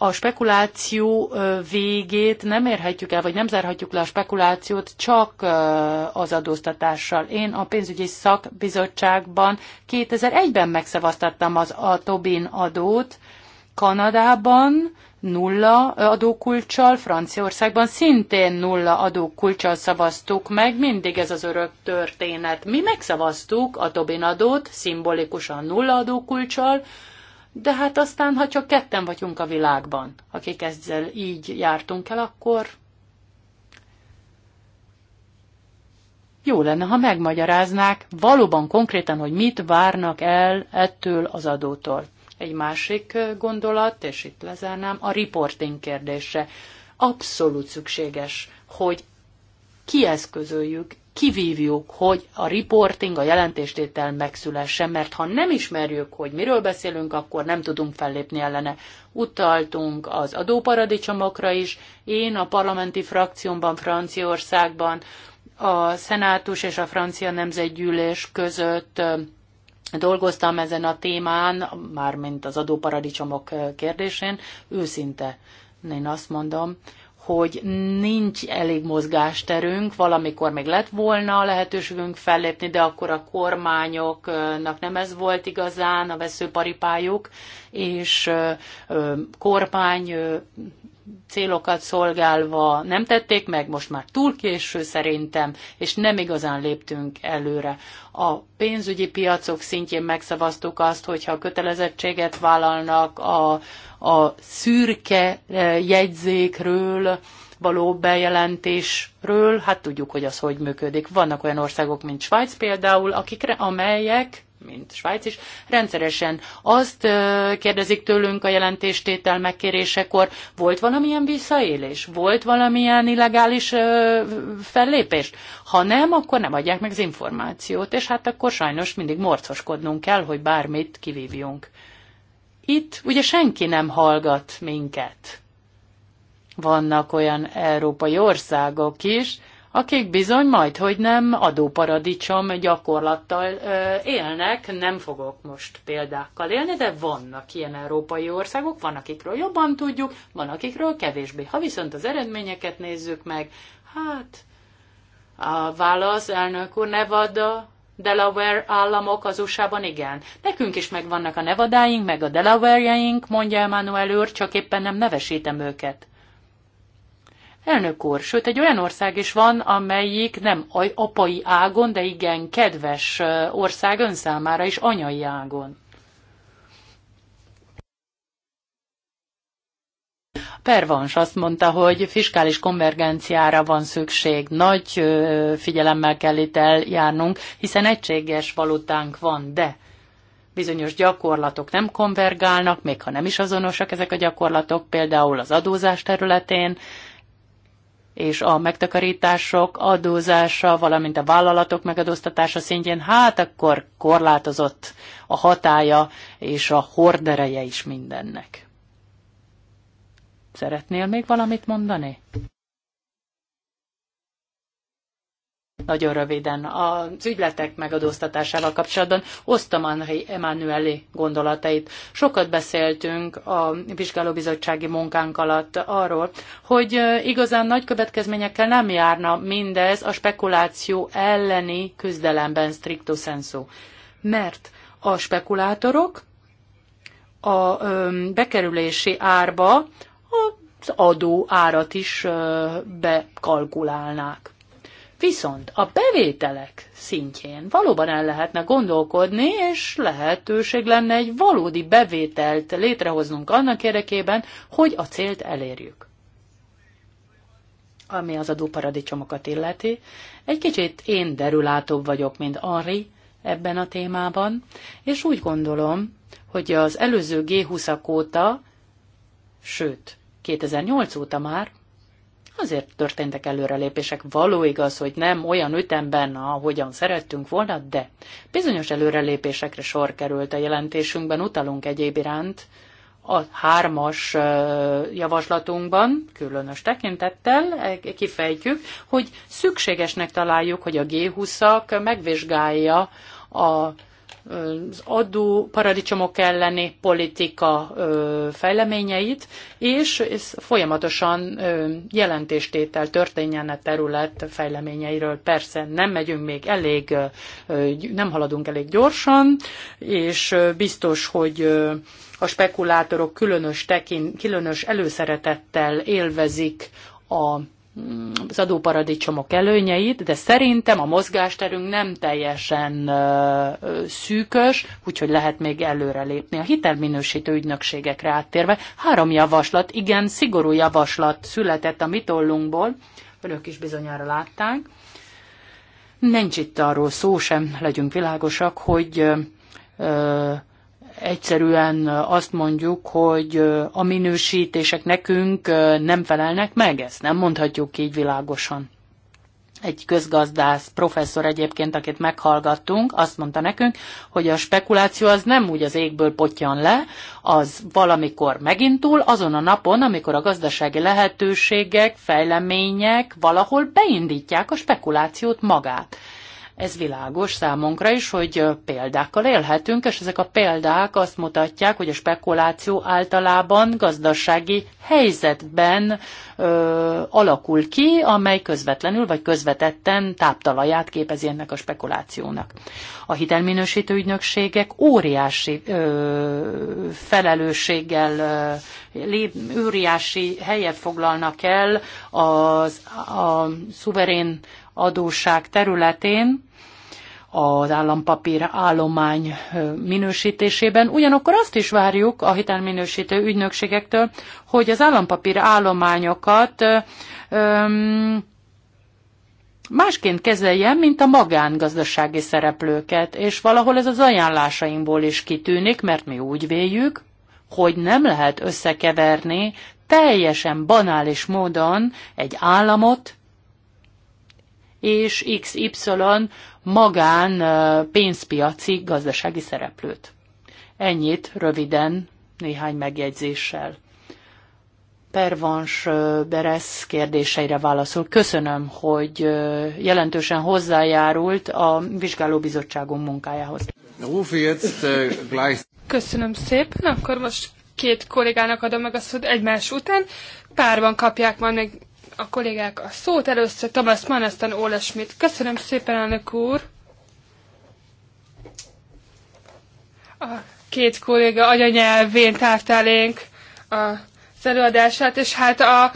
a spekuláció végét nem érhetjük el, vagy nem zárhatjuk le a spekulációt csak az adóztatással. Én a pénzügyi szakbizottságban 2001-ben megszavaztattam az a Tobin adót, Kanadában nulla adókulcsal, Franciaországban szintén nulla adókulcsal szavaztuk meg, mindig ez az örök történet. Mi megszavaztuk a Tobin adót, szimbolikusan nulla adókulcsal, de hát aztán, ha csak ketten vagyunk a világban, akik ezzel így jártunk el, akkor jó lenne, ha megmagyaráznák valóban konkrétan, hogy mit várnak el ettől az adótól. Egy másik gondolat, és itt lezárnám, a reporting kérdése. Abszolút szükséges, hogy kieszközöljük, kivívjuk, hogy a reporting, a jelentéstétel megszülessen, mert ha nem ismerjük, hogy miről beszélünk, akkor nem tudunk fellépni ellene. Utaltunk az adóparadicsomokra is. Én a parlamenti frakciómban Franciaországban a szenátus és a francia nemzetgyűlés között dolgoztam ezen a témán, mármint az adóparadicsomok kérdésén, őszinte. Én azt mondom, hogy nincs elég mozgásterünk, valamikor még lett volna lehetőségünk fellépni, de akkor a kormányoknak nem ez volt igazán a veszőparipájuk, és kormány célokat szolgálva nem tették meg, most már túl késő szerintem, és nem igazán léptünk előre. A pénzügyi piacok szintjén megszavaztuk azt, hogyha a kötelezettséget vállalnak a, a szürke e, jegyzékről, való bejelentésről, hát tudjuk, hogy az hogy működik. Vannak olyan országok, mint Svájc például, akikre, amelyek mint Svájc is, rendszeresen azt kérdezik tőlünk a jelentéstétel megkérésekor, volt valamilyen visszaélés, volt valamilyen illegális fellépést? Ha nem, akkor nem adják meg az információt, és hát akkor sajnos mindig morcoskodnunk kell, hogy bármit kivívjunk. Itt ugye senki nem hallgat minket. Vannak olyan európai országok is, akik bizony majd, hogy nem adóparadicsom gyakorlattal ö, élnek, nem fogok most példákkal élni, de vannak ilyen európai országok, van akikről jobban tudjuk, van akikről kevésbé. Ha viszont az eredményeket nézzük meg, hát a válasz, elnök úr, Nevada, Delaware államok az USA-ban igen. Nekünk is megvannak a Nevadáink, meg a Delawareink. mondja Emmanuel úr, csak éppen nem nevesítem őket. Elnök úr, sőt egy olyan ország is van, amelyik nem apai ágon, de igen kedves ország ön számára is anyai ágon. Pervans azt mondta, hogy fiskális konvergenciára van szükség, nagy figyelemmel kell itt eljárnunk, hiszen egységes valutánk van, de bizonyos gyakorlatok nem konvergálnak, még ha nem is azonosak ezek a gyakorlatok, például az adózás területén, és a megtakarítások adózása, valamint a vállalatok megadóztatása szintjén, hát akkor korlátozott a hatája és a hordereje is mindennek. Szeretnél még valamit mondani? Nagyon röviden, az ügyletek megadóztatásával kapcsolatban osztom Henri Emanueli gondolatait. Sokat beszéltünk a vizsgálóbizottsági munkánk alatt arról, hogy igazán nagy következményekkel nem járna mindez a spekuláció elleni küzdelemben stricto sensu. Mert a spekulátorok a bekerülési árba az adó árat is bekalkulálnák Viszont a bevételek szintjén valóban el lehetne gondolkodni, és lehetőség lenne egy valódi bevételt létrehoznunk annak érdekében, hogy a célt elérjük. Ami az adóparadicsomokat illeti, egy kicsit én derülátóbb vagyok, mint Henri ebben a témában, és úgy gondolom, hogy az előző G20-ak óta, sőt, 2008 óta már Azért történtek előrelépések. Való igaz, hogy nem olyan ütemben, ahogyan szerettünk volna, de bizonyos előrelépésekre sor került a jelentésünkben, utalunk egyéb iránt a hármas javaslatunkban, különös tekintettel e, kifejtjük, hogy szükségesnek találjuk, hogy a G20-ak megvizsgálja a az adó paradicsomok elleni politika fejleményeit, és ez folyamatosan jelentéstétel történjen a e terület fejleményeiről. Persze nem megyünk még elég, nem haladunk elég gyorsan, és biztos, hogy a spekulátorok különös, tekin, különös előszeretettel élvezik a az adóparadicsomok előnyeit, de szerintem a mozgásterünk nem teljesen szűkös, úgyhogy lehet még előrelépni. A hitelminősítő ügynökségekre áttérve három javaslat, igen, szigorú javaslat született a mitollunkból, önök is bizonyára látták. Nincs itt arról szó sem, legyünk világosak, hogy egyszerűen azt mondjuk, hogy a minősítések nekünk nem felelnek meg, ezt nem mondhatjuk így világosan. Egy közgazdász professzor egyébként, akit meghallgattunk, azt mondta nekünk, hogy a spekuláció az nem úgy az égből potyan le, az valamikor megindul, azon a napon, amikor a gazdasági lehetőségek, fejlemények valahol beindítják a spekulációt magát ez világos számunkra is, hogy példákkal élhetünk, és ezek a példák azt mutatják, hogy a spekuláció általában gazdasági helyzetben ö, alakul ki, amely közvetlenül vagy közvetetten táptalaját képezi ennek a spekulációnak. A hitelminősítő ügynökségek óriási ö, felelősséggel ö, lép, óriási helyet foglalnak el az, a szuverén adósság területén, az állampapír állomány minősítésében. Ugyanakkor azt is várjuk a hitelminősítő ügynökségektől, hogy az állampapír állományokat másként kezeljen, mint a magángazdasági szereplőket, és valahol ez az ajánlásainkból is kitűnik, mert mi úgy véljük, hogy nem lehet összekeverni teljesen banális módon egy államot és XY magán pénzpiaci gazdasági szereplőt. Ennyit röviden, néhány megjegyzéssel. Pervans Beresz kérdéseire válaszol. Köszönöm, hogy jelentősen hozzájárult a vizsgálóbizottságunk munkájához. Köszönöm szépen, akkor most két kollégának adom meg azt, hogy egymás után párban kapják majd még a kollégák a szót. Először Thomas Mann, aztán Ole Schmidt. Köszönöm szépen, elnök úr! A két kolléga anyanyelvén tártálénk az előadását, és hát a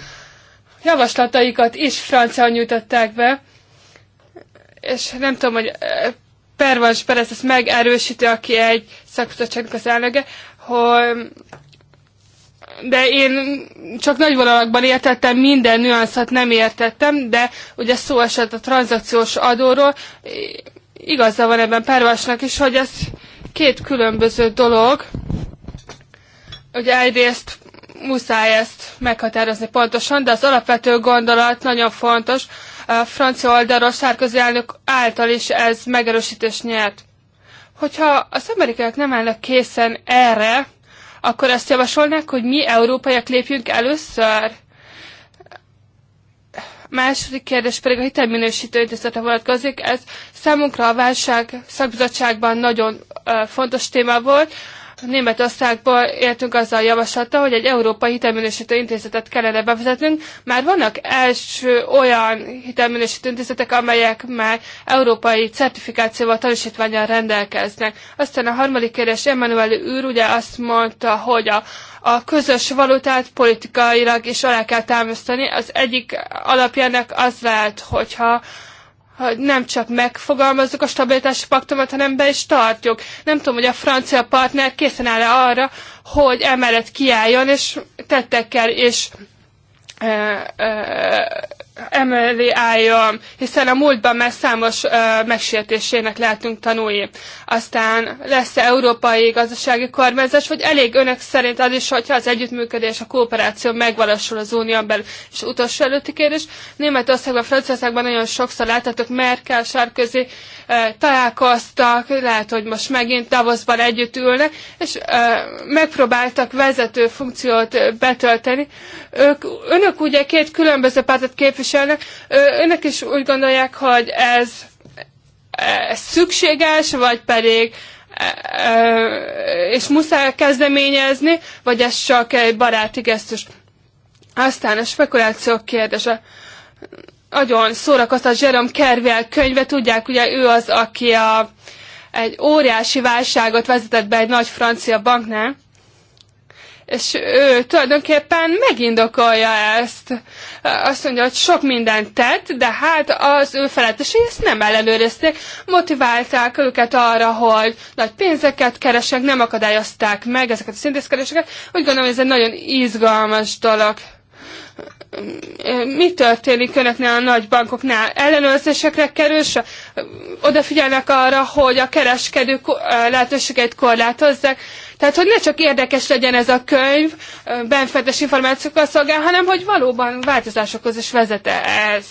javaslataikat is francia nyújtották be, és nem tudom, hogy Pervans Perez ezt megerősíti, aki egy szakbizottságnak az elnöke, hogy de én csak nagy vonalakban értettem, minden nüanszat nem értettem, de ugye szó esett a tranzakciós adóról. Igaza van ebben pervasnak is, hogy ez két különböző dolog. hogy egyrészt muszáj ezt meghatározni pontosan, de az alapvető gondolat nagyon fontos. A francia oldalról Sárközi elnök által is ez megerősítés nyert. Hogyha az amerikaiak nem állnak készen erre, akkor azt javasolnák, hogy mi európaiak lépjünk először? Második kérdés pedig a hitelminősítő intézetre vonatkozik. Ez számunkra a válság szakbizottságban nagyon fontos téma volt. Németországba éltünk azzal a javaslata, hogy egy európai hitelminősítő intézetet kellene bevezetnünk. Már vannak első olyan hitelminősítő intézetek, amelyek már európai certifikációval, tanúsítványjal rendelkeznek. Aztán a harmadik kérdés, Emmanuel űr ugye azt mondta, hogy a, a közös valutát politikailag is alá kell támasztani. Az egyik alapjának az lehet, hogyha hogy nem csak megfogalmazzuk a stabilitási paktumot, hanem be is tartjuk. Nem tudom, hogy a francia partner készen áll-e arra, hogy emellett kiálljon, és tettekkel és emelé álljon, hiszen a múltban már számos ö, megsértésének lehetünk tanulni. Aztán lesz-e európai gazdasági kormányzás, vagy elég önök szerint az is, hogyha az együttműködés, a kooperáció megvalósul az unión belül. És utolsó előtti kérdés, Németországban, Franciaországban nagyon sokszor láthatok Merkel, Sárközi ö, találkoztak, lehet, hogy most megint Davosban együtt ülnek, és ö, megpróbáltak vezető funkciót betölteni. Ők, önök ugye két különböző pártot képviselnek, képviselnek. Önök is úgy gondolják, hogy ez, e, ez szükséges, vagy pedig e, e, és muszáj kezdeményezni, vagy ez csak egy baráti gesztus. Aztán a spekulációk kérdése. Nagyon a Jerome Kerviel könyve, tudják, ugye ő az, aki a, egy óriási válságot vezetett be egy nagy francia banknál, és ő tulajdonképpen megindokolja ezt. Azt mondja, hogy sok mindent tett, de hát az ő felettesei ezt nem ellenőrizték, motiválták őket arra, hogy nagy pénzeket keresek, nem akadályozták meg ezeket a szintézkedéseket. Úgy gondolom, hogy ez egy nagyon izgalmas dolog. Mi történik önöknél a nagy bankoknál? Ellenőrzésekre kerül, odafigyelnek arra, hogy a kereskedők lehetőségeit korlátozzák, tehát, hogy ne csak érdekes legyen ez a könyv, benfedes információkkal szolgál, hanem hogy valóban változásokhoz is vezete ez.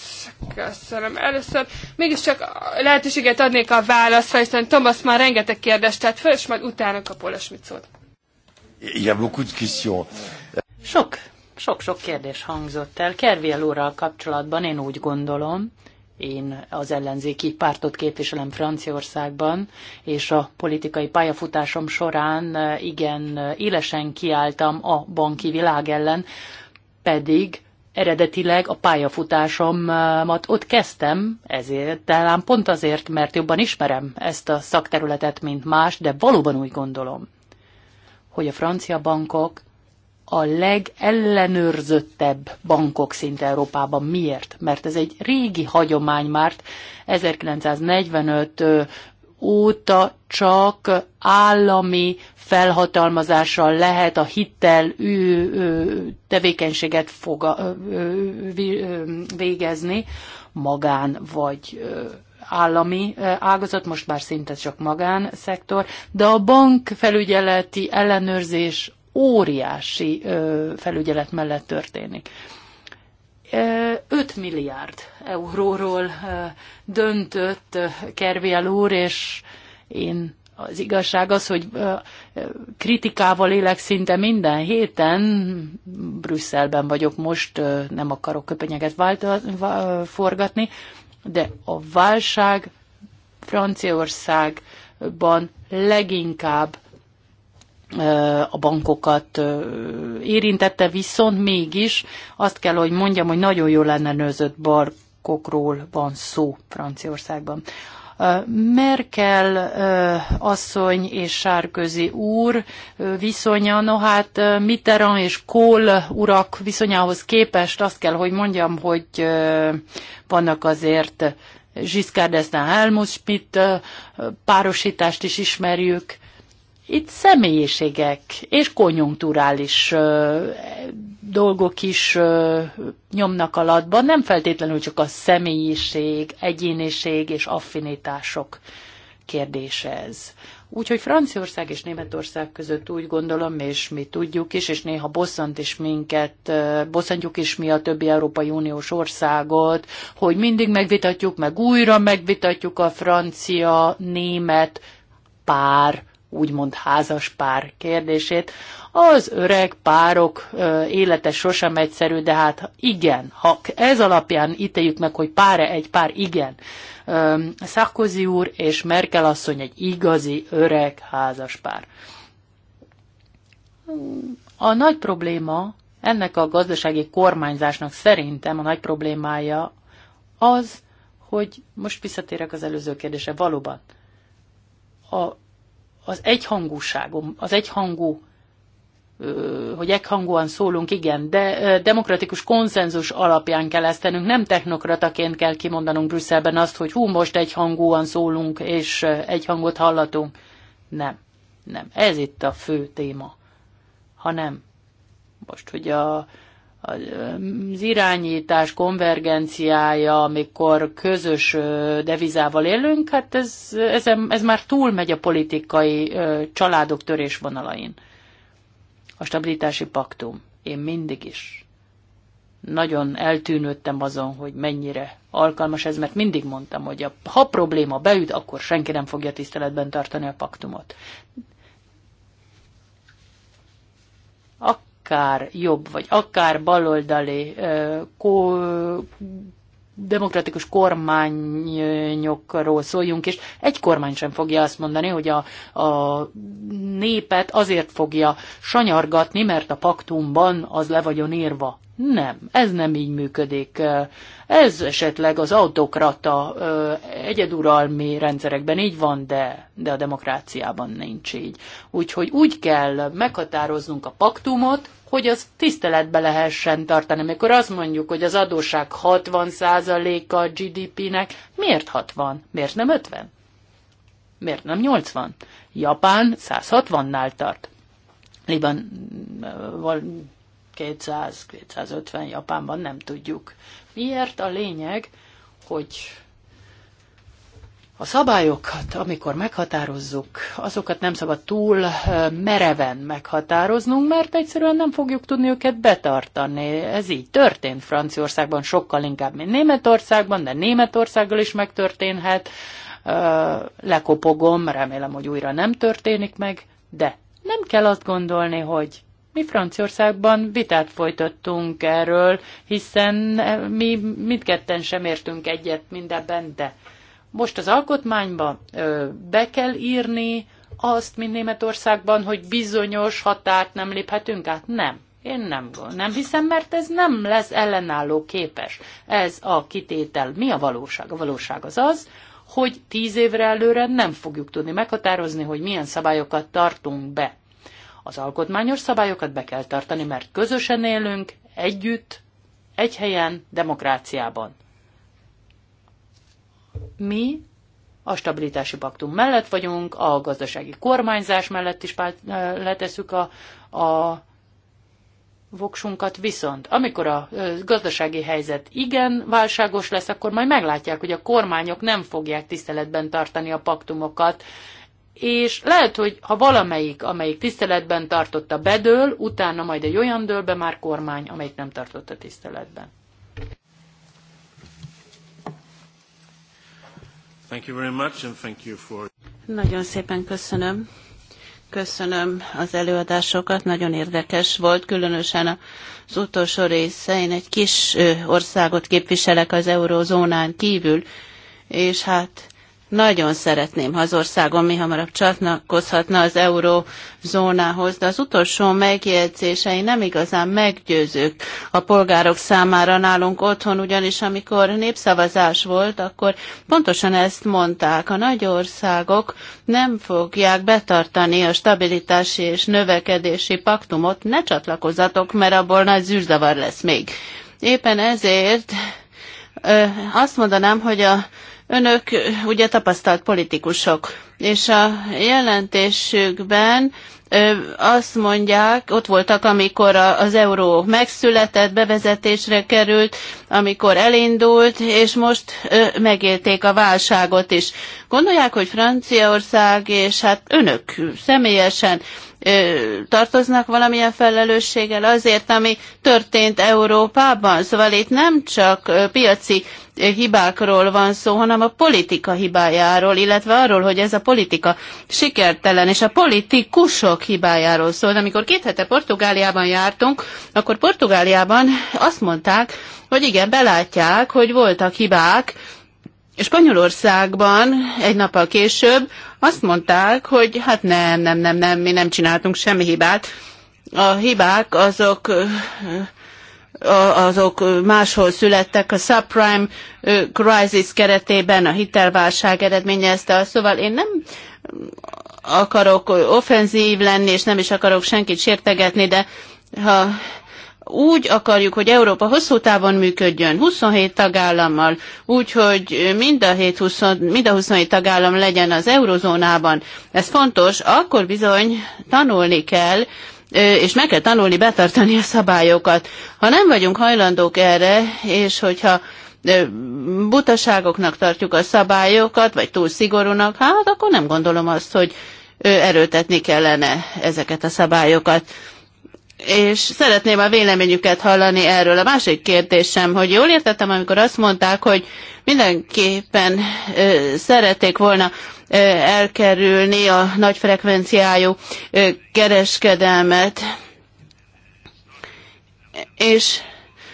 Köszönöm. Először mégiscsak lehetőséget adnék a válaszra, hiszen Thomas már rengeteg kérdést tett föl, és majd utána kap olyasmit szót. Sok, sok-sok kérdés hangzott el. Kerviel úrral kapcsolatban én úgy gondolom, én az ellenzéki pártot képviselem Franciaországban, és a politikai pályafutásom során e, igen e, élesen kiálltam a banki világ ellen, pedig eredetileg a pályafutásomat ott kezdtem, ezért, talán pont azért, mert jobban ismerem ezt a szakterületet, mint más, de valóban úgy gondolom, hogy a francia bankok a legellenőrzöttebb bankok szinte Európában. Miért? Mert ez egy régi hagyomány már 1945 óta csak állami felhatalmazással lehet a hittel ő, ő, tevékenységet foga, ő, végezni, magán vagy állami ágazat, most már szinte csak magánszektor, de a bankfelügyeleti ellenőrzés óriási felügyelet mellett történik. 5 milliárd euróról döntött Kerviel úr, és én az igazság az, hogy kritikával élek szinte minden héten, Brüsszelben vagyok most, nem akarok köpenyeget forgatni, de a válság Franciaországban leginkább a bankokat érintette, viszont mégis azt kell, hogy mondjam, hogy nagyon jól lenne nőzött barkokról van szó Franciaországban. Merkel asszony és Sárközi úr viszonya, no hát Mitterrand és Kohl urak viszonyához képest azt kell, hogy mondjam, hogy vannak azért Giscard d'Estaing, Helmut Schmidt párosítást is ismerjük, itt személyiségek és konjunkturális ö, dolgok is ö, nyomnak alatba, nem feltétlenül csak a személyiség, egyéniség és affinitások kérdése ez. Úgyhogy Franciaország és Németország között úgy gondolom, és mi tudjuk is, és néha bosszant is minket, bosszantjuk is mi a többi Európai Uniós országot, hogy mindig megvitatjuk, meg újra megvitatjuk a francia-német pár úgymond házas pár kérdését. Az öreg párok ö, élete sosem egyszerű, de hát igen, ha ez alapján ítéljük meg, hogy páre egy pár, igen. Ö, Sarkozy úr és Merkel asszony egy igazi öreg házas pár. A nagy probléma ennek a gazdasági kormányzásnak szerintem a nagy problémája az, hogy most visszatérek az előző kérdése, valóban a az egyhangúságom, az egyhangú hogy egyhangúan szólunk, igen, de demokratikus konszenzus alapján kell ezt tennünk, nem technokrataként kell kimondanunk Brüsszelben azt, hogy hú, most egyhangúan szólunk, és egyhangot hallatunk. Nem, nem, ez itt a fő téma, hanem most, hogy a, az irányítás konvergenciája, amikor közös devizával élünk, hát ez, ez, ez már túlmegy a politikai családok törésvonalain. A stabilitási paktum. Én mindig is. Nagyon eltűnődtem azon, hogy mennyire alkalmas ez, mert mindig mondtam, hogy ha probléma beüt, akkor senki nem fogja tiszteletben tartani a paktumot. akár jobb, vagy akár baloldali demokratikus kormányokról szóljunk, és egy kormány sem fogja azt mondani, hogy a, a népet azért fogja sanyargatni, mert a paktumban az le vagyon írva. Nem, ez nem így működik. Ez esetleg az autokrata egyeduralmi rendszerekben így van, de, de a demokráciában nincs így. Úgyhogy úgy kell meghatároznunk a paktumot, hogy az tiszteletbe lehessen tartani. Amikor azt mondjuk, hogy az adóság 60%-a a GDP-nek, miért 60? Miért nem 50? Miért nem 80? Japán 160-nál tart. Liban 200-250 Japánban, nem tudjuk. Miért a lényeg, hogy a szabályokat, amikor meghatározzuk, azokat nem szabad túl mereven meghatároznunk, mert egyszerűen nem fogjuk tudni őket betartani. Ez így történt Franciaországban sokkal inkább, mint Németországban, de Németországgal is megtörténhet. Lekopogom, remélem, hogy újra nem történik meg, de nem kell azt gondolni, hogy mi Franciaországban vitát folytattunk erről, hiszen mi mindketten sem értünk egyet mindebben, de most az alkotmányba be kell írni azt, mint Németországban, hogy bizonyos határt nem léphetünk át? Nem. Én nem, nem hiszem, mert ez nem lesz ellenálló képes. Ez a kitétel. Mi a valóság? A valóság az az, hogy tíz évre előre nem fogjuk tudni meghatározni, hogy milyen szabályokat tartunk be. Az alkotmányos szabályokat be kell tartani, mert közösen élünk, együtt, egy helyen, demokráciában. Mi a stabilitási paktum mellett vagyunk, a gazdasági kormányzás mellett is letesszük a, a voksunkat, viszont amikor a gazdasági helyzet igen válságos lesz, akkor majd meglátják, hogy a kormányok nem fogják tiszteletben tartani a paktumokat, és lehet, hogy ha valamelyik, amelyik tiszteletben tartotta, bedől, utána majd egy olyan dől be már kormány, amelyik nem tartotta tiszteletben. Thank you very much and thank you for... Nagyon szépen köszönöm. Köszönöm az előadásokat, nagyon érdekes volt, különösen az utolsó része. Én egy kis országot képviselek az eurozónán kívül, és hát nagyon szeretném, ha az országom mi hamarabb csatlakozhatna az eurózónához, de az utolsó megjegyzései nem igazán meggyőzők a polgárok számára nálunk otthon, ugyanis amikor népszavazás volt, akkor pontosan ezt mondták, a nagy országok nem fogják betartani a stabilitási és növekedési paktumot, ne csatlakozatok, mert abból nagy zűrzavar lesz még. Éppen ezért ö, azt mondanám, hogy a Önök ugye tapasztalt politikusok, és a jelentésükben azt mondják, ott voltak, amikor az euró megszületett, bevezetésre került, amikor elindult, és most ö, megélték a válságot is. Gondolják, hogy Franciaország, és hát önök személyesen ö, tartoznak valamilyen felelősséggel azért, ami történt Európában. Szóval itt nem csak ö, piaci hibákról van szó, hanem a politika hibájáról, illetve arról, hogy ez a politika sikertelen, és a politikusok hibájáról szól. Amikor két hete Portugáliában jártunk, akkor Portugáliában azt mondták, hogy igen, belátják, hogy voltak hibák, Spanyolországban egy nappal később azt mondták, hogy hát nem, nem, nem, nem, mi nem csináltunk semmi hibát. A hibák azok azok máshol születtek a subprime crisis keretében, a hitelválság eredményezte azt, szóval én nem akarok offenzív lenni, és nem is akarok senkit sértegetni, de ha úgy akarjuk, hogy Európa hosszú távon működjön, 27 tagállammal, úgyhogy mind a, 20, mind a 27 tagállam legyen az eurozónában, ez fontos, akkor bizony tanulni kell, és meg kell tanulni betartani a szabályokat. Ha nem vagyunk hajlandók erre, és hogyha butaságoknak tartjuk a szabályokat, vagy túl szigorúnak, hát akkor nem gondolom azt, hogy erőtetni kellene ezeket a szabályokat és szeretném a véleményüket hallani erről. A másik kérdésem, hogy jól értettem, amikor azt mondták, hogy mindenképpen ö, szerették volna ö, elkerülni a nagy frekvenciájú ö, kereskedelmet, és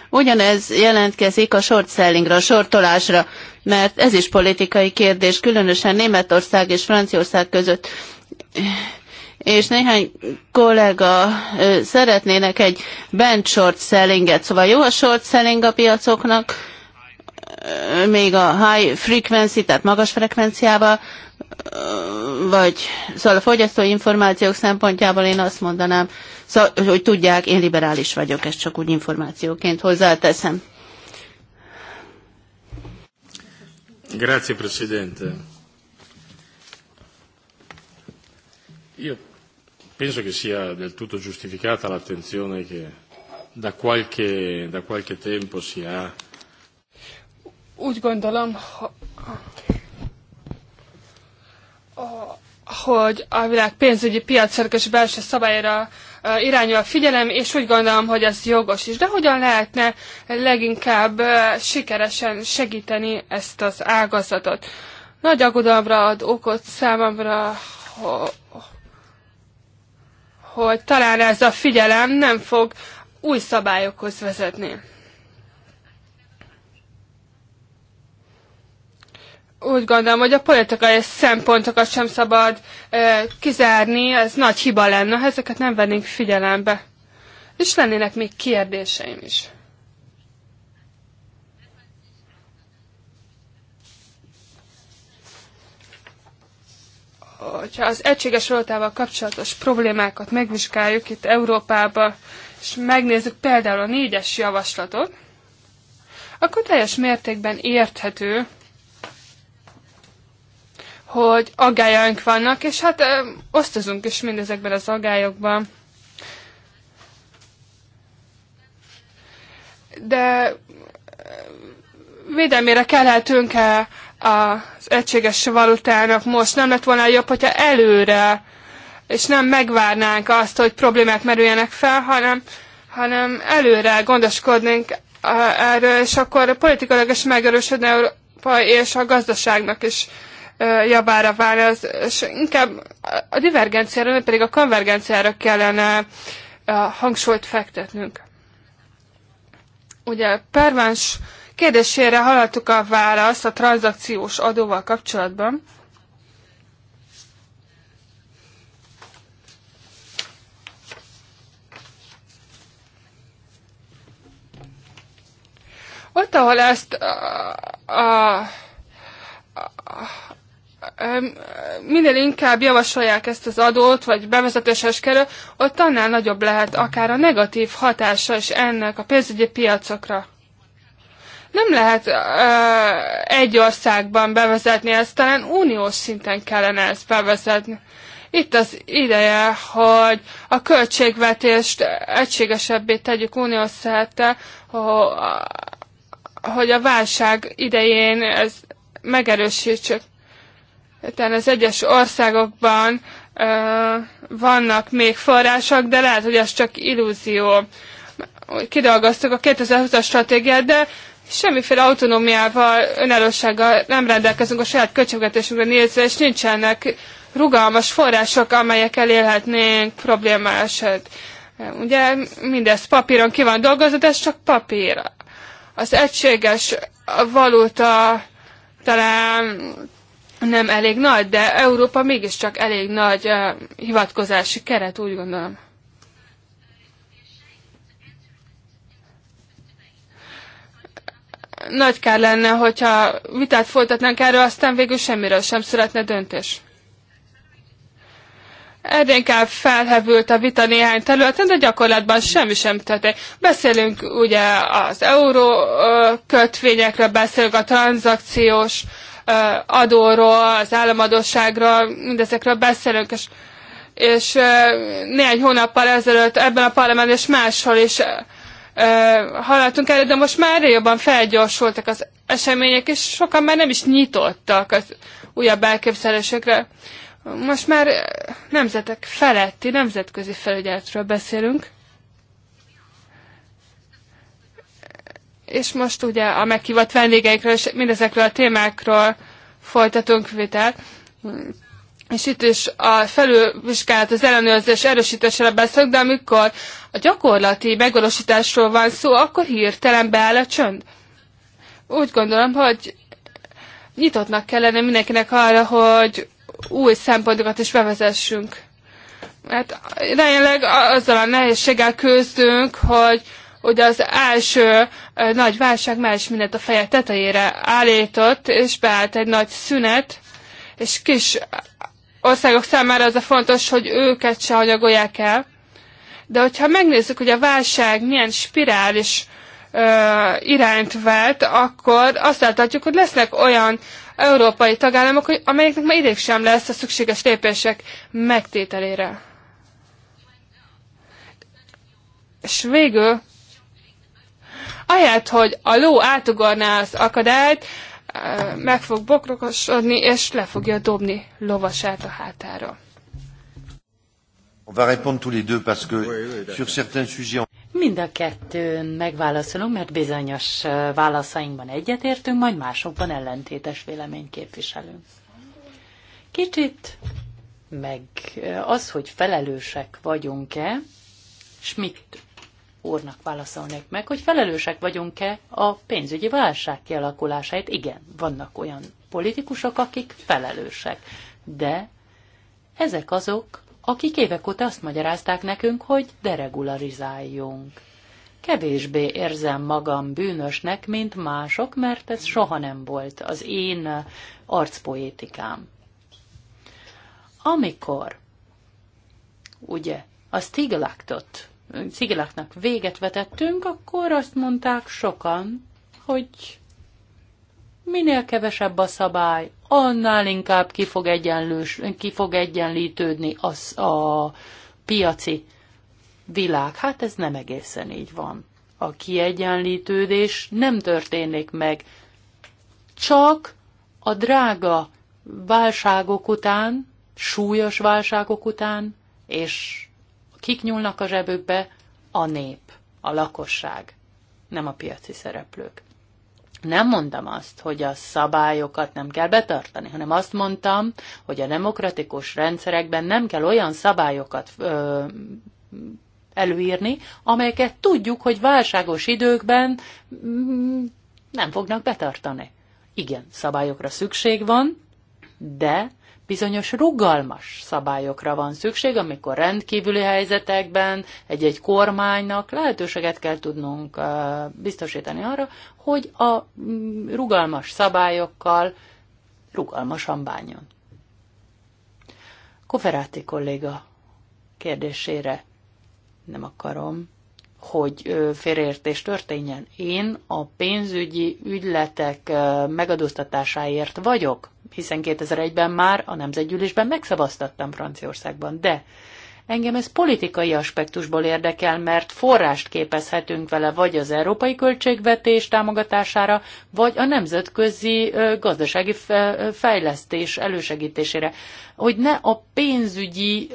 ugyanez jelentkezik a short sellingra, a sortolásra, mert ez is politikai kérdés, különösen Németország és Franciaország között és néhány kollega szeretnének egy bent short sellinget, szóval jó a short selling a piacoknak, még a high frequency, tehát magas frekvenciával, vagy szóval a fogyasztó információk szempontjából én azt mondanám, szóval, hogy tudják, én liberális vagyok, ezt csak úgy információként hozzáteszem. Grazie Presidente. Io penso che sia del tutto giustificata l'attenzione che da qualche, da qualche tempo si ha. Úgy gondolom, hogy a világ pénzügyi piacszerkes belső szabályra irányul a figyelem, és úgy gondolom, hogy ez jogos is. De hogyan lehetne leginkább sikeresen segíteni ezt az ágazatot? Nagy aggodalomra ad okot számomra, hogy talán ez a figyelem nem fog új szabályokhoz vezetni. Úgy gondolom, hogy a politikai szempontokat sem szabad e, kizárni, ez nagy hiba lenne, ha ezeket nem vennénk figyelembe. És lennének még kérdéseim is. hogyha az egységes valótával kapcsolatos problémákat megvizsgáljuk itt Európába és megnézzük például a négyes javaslatot, akkor teljes mértékben érthető, hogy agályaink vannak, és hát ö, osztozunk is mindezekben az agályokban. De védelmére kelhetünk e az egységes valutának most? Nem lett volna jobb, hogyha előre, és nem megvárnánk azt, hogy problémák merüljenek fel, hanem, hanem előre gondoskodnénk erről, és akkor politikailag is megerősödne Európa, és a gazdaságnak is javára válna, az, és inkább a divergenciára, nem pedig a konvergenciára kellene hangsúlyt fektetnünk. Ugye pervens kérdésére hallottuk a választ a tranzakciós adóval kapcsolatban. Ott, ahol ezt a, a, a, minél inkább javasolják ezt az adót, vagy bevezetéshez kerül, ott annál nagyobb lehet akár a negatív hatása is ennek a pénzügyi piacokra. Nem lehet ö, egy országban bevezetni ezt, talán uniós szinten kellene ezt bevezetni. Itt az ideje, hogy a költségvetést egységesebbé tegyük uniós szerte, hogy a válság idején ez megerősítsük. Tehát az egyes országokban ö, vannak még források, de lehet, hogy ez csak illúzió. Kidolgoztuk a 2020-as stratégiát, de semmiféle autonómiával, önállósággal nem rendelkezünk a saját költségvetésünkre nézve, és nincsenek rugalmas források, amelyekkel élhetnénk probléma eset. Ugye mindez papíron ki van dolgozott, ez csak papír. Az egységes valuta talán nem elég nagy, de Európa mégiscsak elég nagy eh, hivatkozási keret, úgy gondolom. nagy kár lenne, hogyha vitát folytatnánk erről, aztán végül semmiről sem születne döntés. Erre inkább felhevült a vita néhány területen, de gyakorlatban semmi sem történt. Beszélünk ugye az euró kötvényekről, beszélünk a tranzakciós adóról, az államadóságról, mindezekről beszélünk, és, és néhány hónappal ezelőtt ebben a parlamentben és máshol is haladtunk előtt, de most már jobban felgyorsultak az események, és sokan már nem is nyitottak az újabb elképzelésekre. Most már nemzetek feletti, nemzetközi felügyeletről beszélünk. És most ugye a meghívott vendégeikről és mindezekről a témákról folytatunk vitát és itt is a felülvizsgálat, az ellenőrzés erősítésre beszélünk, de amikor a gyakorlati megvalósításról van szó, akkor hirtelen beáll a csönd. Úgy gondolom, hogy nyitottnak kellene mindenkinek arra, hogy új szempontokat is bevezessünk. Hát jelenleg azzal a nehézséggel küzdünk, hogy ugye az első nagy válság már is mindent a feje tetejére állított, és beállt egy nagy szünet, és kis országok számára az a fontos, hogy őket se anyagolják el. De hogyha megnézzük, hogy a válság milyen spirális ö, irányt vált, akkor azt láthatjuk, hogy lesznek olyan európai tagállamok, amelyeknek már idég sem lesz a szükséges lépések megtételére. És végül, ahelyett, hogy a ló átugorná az akadályt, meg fog bokrokosodni, és le fogja dobni lovasát a hátára. Mind a kettőn megválaszolunk, mert bizonyos válaszainkban egyetértünk, majd másokban ellentétes vélemény képviselünk. Kicsit meg az, hogy felelősek vagyunk-e, mit úrnak válaszolnék meg, hogy felelősek vagyunk-e a pénzügyi válság kialakulásáért. Igen, vannak olyan politikusok, akik felelősek, de ezek azok, akik évek óta azt magyarázták nekünk, hogy deregularizáljunk. Kevésbé érzem magam bűnösnek, mint mások, mert ez soha nem volt az én arcpoétikám. Amikor, ugye, a Stiglaktot cigilaknak véget vetettünk, akkor azt mondták sokan, hogy minél kevesebb a szabály, annál inkább ki fog, egyenlős, ki fog egyenlítődni az a piaci világ. Hát ez nem egészen így van. A kiegyenlítődés nem történik meg. Csak a drága válságok után, súlyos válságok után, és Kik nyúlnak a zsebükbe? A nép, a lakosság, nem a piaci szereplők. Nem mondtam azt, hogy a szabályokat nem kell betartani, hanem azt mondtam, hogy a demokratikus rendszerekben nem kell olyan szabályokat ö, előírni, amelyeket tudjuk, hogy válságos időkben mm, nem fognak betartani. Igen, szabályokra szükség van, de bizonyos rugalmas szabályokra van szükség, amikor rendkívüli helyzetekben egy-egy kormánynak lehetőséget kell tudnunk biztosítani arra, hogy a mm, rugalmas szabályokkal rugalmasan bánjon. Koferáti kolléga kérdésére nem akarom hogy félreértés történjen. Én a pénzügyi ügyletek megadóztatásáért vagyok, hiszen 2001-ben már a nemzetgyűlésben megszavaztattam Franciaországban, de Engem ez politikai aspektusból érdekel, mert forrást képezhetünk vele vagy az európai költségvetés támogatására, vagy a nemzetközi gazdasági fejlesztés elősegítésére. Hogy ne a pénzügyi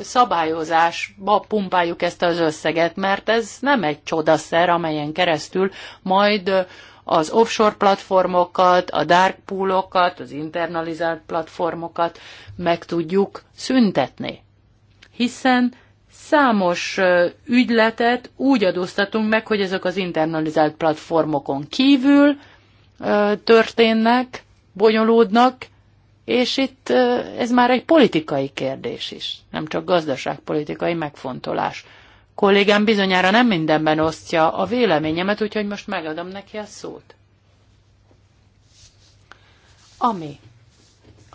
szabályozásba pumpáljuk ezt az összeget, mert ez nem egy csodaszer, amelyen keresztül majd az offshore platformokat, a dark poolokat, az internalizált platformokat meg tudjuk szüntetni hiszen számos ügyletet úgy adóztatunk meg, hogy ezek az internalizált platformokon kívül történnek, bonyolódnak, és itt ez már egy politikai kérdés is, nem csak gazdaságpolitikai megfontolás. Kollégám bizonyára nem mindenben osztja a véleményemet, úgyhogy most megadom neki a szót. Ami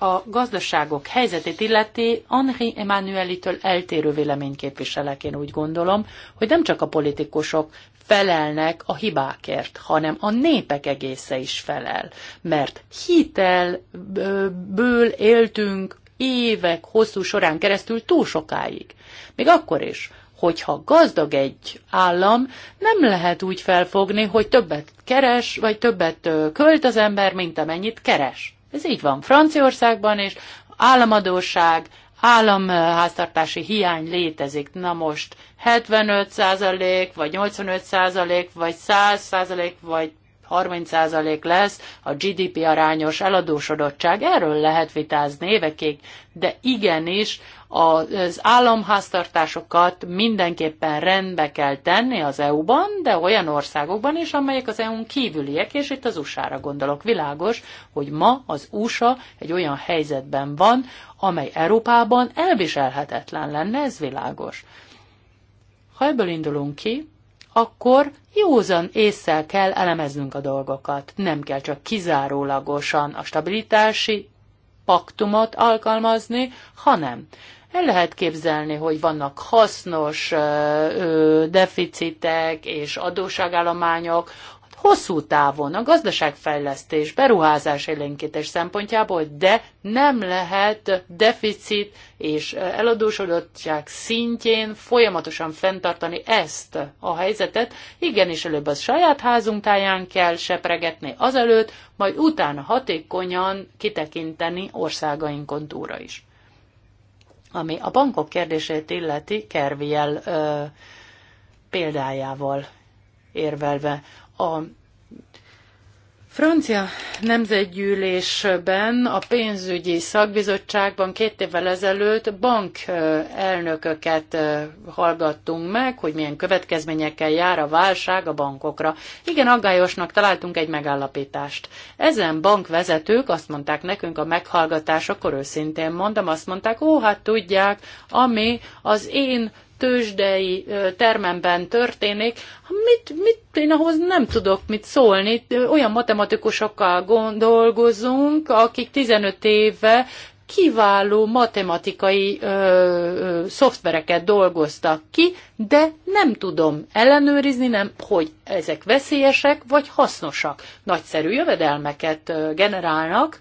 a gazdaságok helyzetét illeti, Henri Emmanuelitől eltérő vélemény képviselek, én úgy gondolom, hogy nem csak a politikusok felelnek a hibákért, hanem a népek egésze is felel. Mert hitelből éltünk évek hosszú során keresztül túl sokáig. Még akkor is, hogyha gazdag egy állam, nem lehet úgy felfogni, hogy többet keres, vagy többet költ az ember, mint amennyit keres. Ez így van. Franciaországban is államadóság, államháztartási hiány létezik. Na most 75% vagy 85% vagy 100% vagy 30% lesz a GDP arányos eladósodottság. Erről lehet vitázni évekig, de igenis az államháztartásokat mindenképpen rendbe kell tenni az EU-ban, de olyan országokban is, amelyek az EU-n kívüliek, és itt az USA-ra gondolok. Világos, hogy ma az USA egy olyan helyzetben van, amely Európában elviselhetetlen lenne, ez világos. Ha ebből indulunk ki, akkor józan észre kell elemeznünk a dolgokat. Nem kell csak kizárólagosan a stabilitási paktumot alkalmazni, hanem el lehet képzelni, hogy vannak hasznos deficitek és adóságállományok, hosszú távon a gazdaságfejlesztés, beruházás élénkítés szempontjából, de nem lehet deficit és eladósodottság szintjén folyamatosan fenntartani ezt a helyzetet. Igenis előbb az saját házunk táján kell sepregetni azelőtt, majd utána hatékonyan kitekinteni országainkon túra is. Ami a bankok kérdését illeti, Kerviel példájával érvelve. A francia nemzetgyűlésben, a pénzügyi szakbizottságban két évvel ezelőtt bank elnököket hallgattunk meg, hogy milyen következményekkel jár a válság a bankokra. Igen, aggályosnak találtunk egy megállapítást. Ezen bankvezetők azt mondták nekünk a meghallgatásakor, őszintén mondom, azt mondták, ó, hát tudják, ami az én tőzsdei termemben történik, mit, mit, én ahhoz nem tudok mit szólni. Olyan matematikusokkal dolgozunk, akik 15 éve kiváló matematikai ö, ö, szoftvereket dolgoztak ki, de nem tudom ellenőrizni, nem, hogy ezek veszélyesek vagy hasznosak. Nagyszerű jövedelmeket ö, generálnak,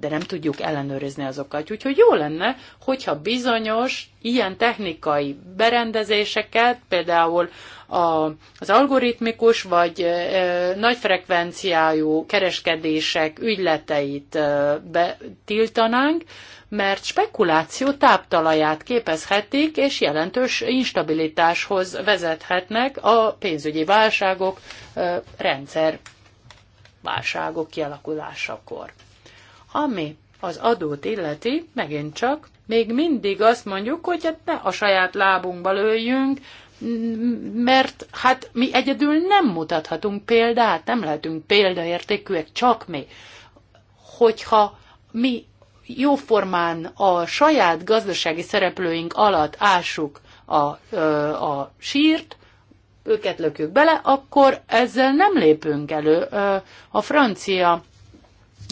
de nem tudjuk ellenőrizni azokat. Úgyhogy jó lenne, hogyha bizonyos ilyen technikai berendezéseket, például a, az algoritmikus vagy e, nagy frekvenciájú kereskedések ügyleteit e, betiltanánk, mert spekuláció táptalaját képezhetik, és jelentős instabilitáshoz vezethetnek a pénzügyi válságok, e, rendszer válságok kialakulásakor. Ami az adót illeti, megint csak, még mindig azt mondjuk, hogy hát ne a saját lábunkba lőjünk, mert hát mi egyedül nem mutathatunk példát, nem lehetünk példaértékűek, csak mi. Hogyha mi jóformán a saját gazdasági szereplőink alatt ássuk a, a sírt, őket lökjük bele, akkor ezzel nem lépünk elő. A francia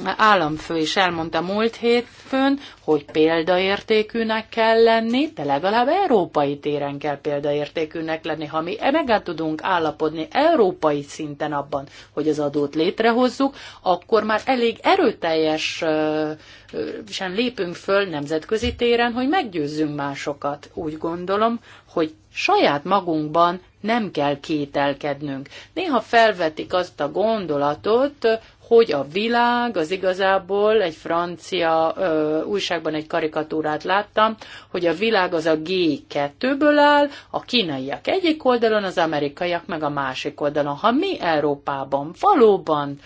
államfő is elmondta múlt hétfőn, hogy példaértékűnek kell lenni, de legalább európai téren kell példaértékűnek lenni. Ha mi e meg tudunk állapodni európai szinten abban, hogy az adót létrehozzuk, akkor már elég erőteljes sem lépünk föl nemzetközi téren, hogy meggyőzzünk másokat. Úgy gondolom, hogy saját magunkban nem kell kételkednünk. Néha felvetik azt a gondolatot, hogy a világ az igazából, egy francia ö, újságban egy karikatúrát láttam, hogy a világ az a G2-ből áll, a kínaiak egyik oldalon, az amerikaiak meg a másik oldalon. Ha mi Európában valóban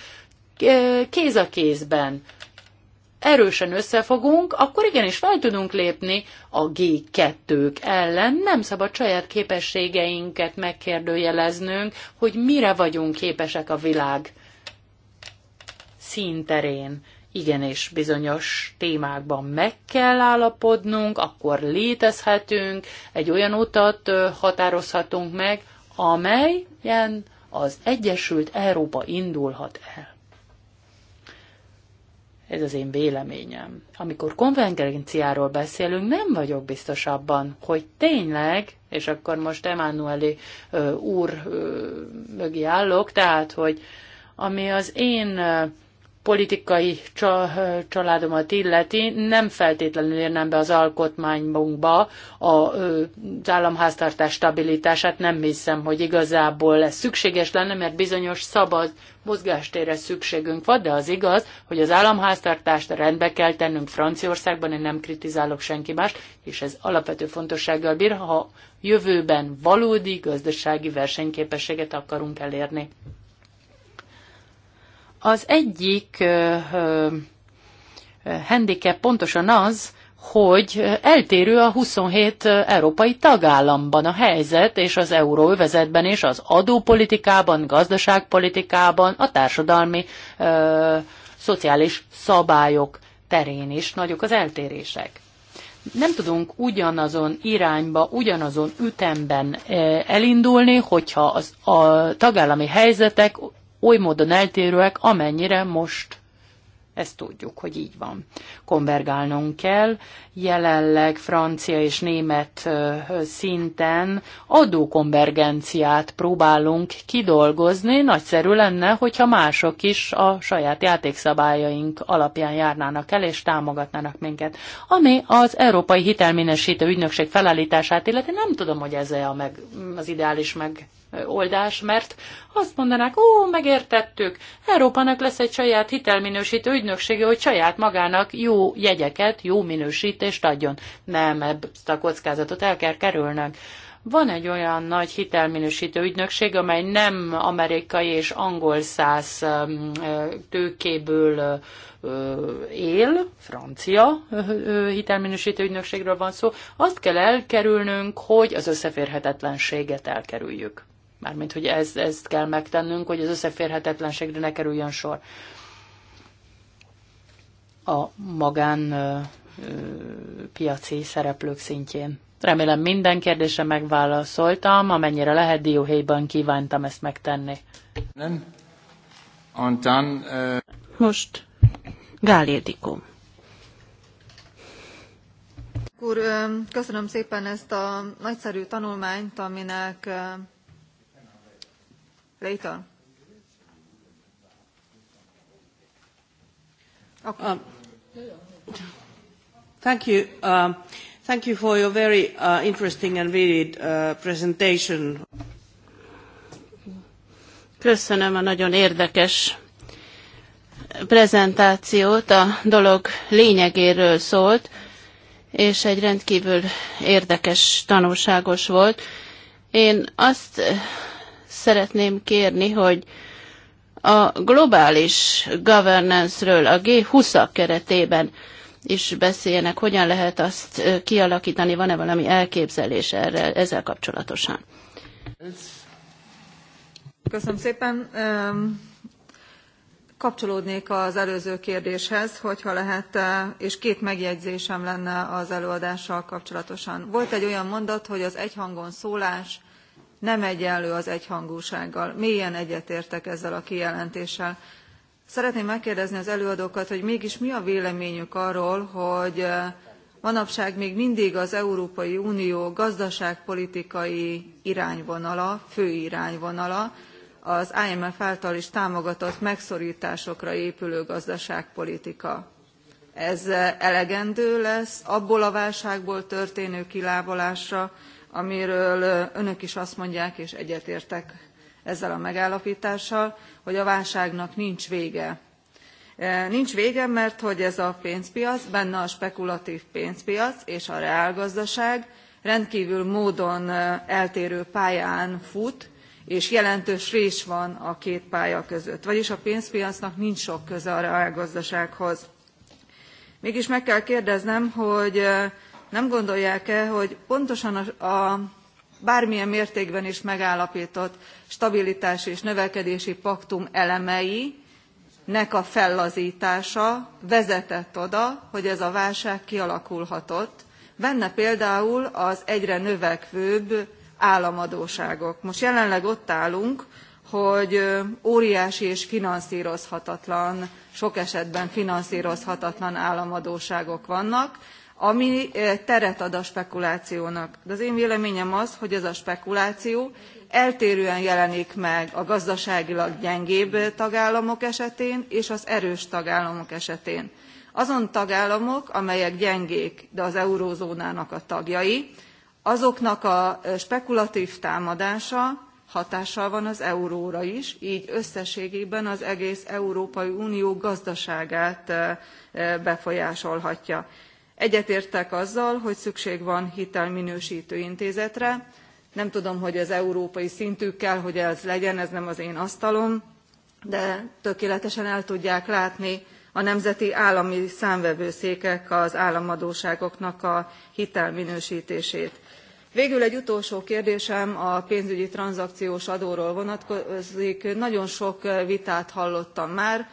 kéz a kézben erősen összefogunk, akkor igenis fel tudunk lépni a G2-k ellen. Nem szabad saját képességeinket megkérdőjeleznünk, hogy mire vagyunk képesek a világ színterén. Igenis, bizonyos témákban meg kell állapodnunk, akkor létezhetünk, egy olyan utat határozhatunk meg, amelyen az Egyesült Európa indulhat el. Ez az én véleményem. Amikor konvergenciáról beszélünk, nem vagyok biztos abban, hogy tényleg, és akkor most Emanueli úr ö, mögé állok, tehát, hogy ami az én politikai családomat illeti, nem feltétlenül érnem be az alkotmányunkba az államháztartás stabilitását. Nem hiszem, hogy igazából ez szükséges lenne, mert bizonyos szabad mozgástérre szükségünk van, de az igaz, hogy az államháztartást rendbe kell tennünk Franciaországban, én nem kritizálok senki más, és ez alapvető fontossággal bír, ha jövőben valódi gazdasági versenyképességet akarunk elérni. Az egyik handicap pontosan az, hogy eltérő a 27 európai tagállamban a helyzet, és az euróövezetben és az adópolitikában, gazdaságpolitikában, a társadalmi, ö, szociális szabályok terén is nagyok az eltérések. Nem tudunk ugyanazon irányba, ugyanazon ütemben elindulni, hogyha az, a tagállami helyzetek oly módon eltérőek, amennyire most ezt tudjuk, hogy így van. Konvergálnunk kell. Jelenleg francia és német szinten adókonvergenciát próbálunk kidolgozni. Nagyszerű lenne, hogyha mások is a saját játékszabályaink alapján járnának el és támogatnának minket. Ami az Európai Hitelminősítő Ügynökség felállítását illeti, nem tudom, hogy ez -e a meg, az ideális meg oldás, mert azt mondanák, ó, megértettük, Európának lesz egy saját hitelminősítő ügynöksége, hogy saját magának jó jegyeket, jó minősítést adjon. Nem, ezt a kockázatot el kell kerülnünk van egy olyan nagy hitelminősítő ügynökség, amely nem amerikai és angol száz um, tőkéből uh, uh, él, francia uh, hitelminősítő ügynökségről van szó, azt kell elkerülnünk, hogy az összeférhetetlenséget elkerüljük. Mármint, hogy ez, ezt kell megtennünk, hogy az összeférhetetlenségre ne kerüljön sor. A magán ö, ö, piaci szereplők szintjén. Remélem minden kérdésre megválaszoltam, amennyire lehet dióhéjban kívántam ezt megtenni. Nem? Und uh... Most Gál Ildikó. Úr, köszönöm szépen ezt a nagyszerű tanulmányt, aminek later. Okay. Um, thank you. Um, thank you for your very uh, interesting and vivid uh, presentation. Köszönöm a nagyon érdekes prezentációt, a dolog lényegéről szólt, és egy rendkívül érdekes, tanulságos volt. Én azt szeretném kérni, hogy a globális governance-ről a G20-ak keretében is beszéljenek, hogyan lehet azt kialakítani, van-e valami elképzelés erre, ezzel kapcsolatosan. Köszönöm szépen. Kapcsolódnék az előző kérdéshez, hogyha lehet, és két megjegyzésem lenne az előadással kapcsolatosan. Volt egy olyan mondat, hogy az egyhangon szólás, nem egyenlő az egyhangúsággal. mélyen egyetértek ezzel a kijelentéssel. szeretném megkérdezni az előadókat hogy mégis mi a véleményük arról hogy eh, manapság még mindig az európai unió gazdaságpolitikai irányvonala fő irányvonala az imf által is támogatott megszortásokra épülő gazdaságpolitika. ez eh, elegendő lesz abból a válságból történő kilábalásra amiről önök is azt mondják és egyetértek ezzel a megállaptással hogy a válságnak nincs vége. E, nincs vége mert hogy ez a pénzpiac benne a spekulatv pénzpiac és a reálgazdaság rendkvül módon eltérő pályán fut és jelentős rés van a két pálya között vagyis a pénzpiacnak nincs sok köze a reálgazdasághoz. mégis meg kell kérdeznem hogy nem gondolják e hogy pontosan a, bármilyen mértékben is megállaptott stabilitási és növekedési paktum elemei nek a fellaztása vezetett oda hogy ez a válság kialakulhatott benne például az egyre növekvőbb államadósságok. most jelenleg ott állunk hogy óriási és finanszírozhatatlan sok esetben finanszírozhatatlan államadósságok vannak ami teret ad a spekulációnak de az én véleményem az hogy ez a spekuláció eltérően jelenik meg a gazdaságilag gyengébb tagállamok esetén és az erős tagállamok esetén. azon tagállamok amelyek gyengék de az eurózónának a tagjai azoknak a spekulatv támadása hatással van az euróra is gy összességében az egész európai unió gazdaságát befolyásolhatja egyetértek azzal hogy szükség van hitelminőstő intézetre nem tudom hogy az európai szintű kell hogy ez legyen ez nem az én asztalom de tökéletesen el tudják látni a nemzeti állami számvevőszékek az államadósságoknak a hitelminőstését. végül egy utolsó kérdésem a pénzügyi tranzakciós adóra vonatkozik nagyon sok vitát hallottam már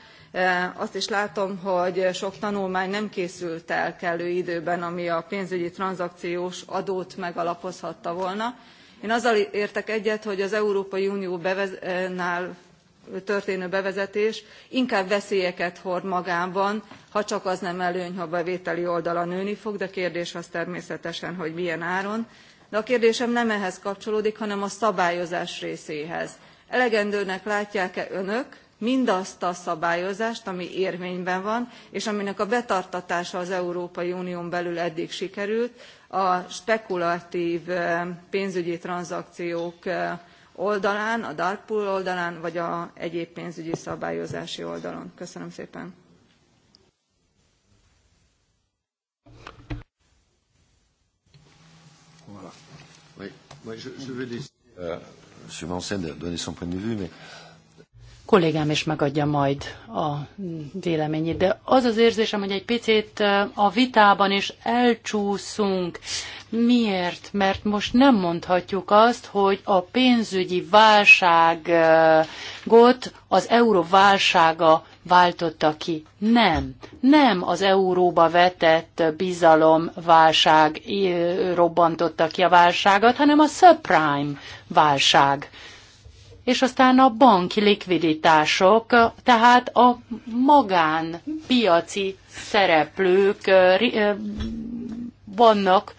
azt is látom hogy sok tanulmány nem készült el kellő időben ami a pénzügyi tranzakciós adót megalapozhatta volna. én azzal értek egyet hogy az európai uniónál történő bevezetés inkább veszélyeket hord magában hacsak az nem előny ha a bevételi oldala nőni fog de kérdés az természetesen hogy milyen áron. de a kérdésem nem ehhez kapcsolódik hanem a szabályozás részéhez. elegendőnek látják e önök mindazt a szabályozást ami érvényben van és aminek a betartatása az európai unión belül eddig sikerült a spekulatv pénzügyi tranzakciók oldalán a dark pool oldalán vagy a egyéb pénzügyi szabályozási oldalon. köszönöm szépen! Voilà. Oui. je, je vais laisser euh, M. donner son point de vue, mais kollégám is megadja majd a véleményét, de az az érzésem, hogy egy picit a vitában is elcsúszunk. Miért? Mert most nem mondhatjuk azt, hogy a pénzügyi válságot az euró válsága váltotta ki. Nem, nem az euróba vetett bizalom válság robbantotta ki a válságot, hanem a subprime válság és aztán a banki likviditások, tehát a magánpiaci szereplők vannak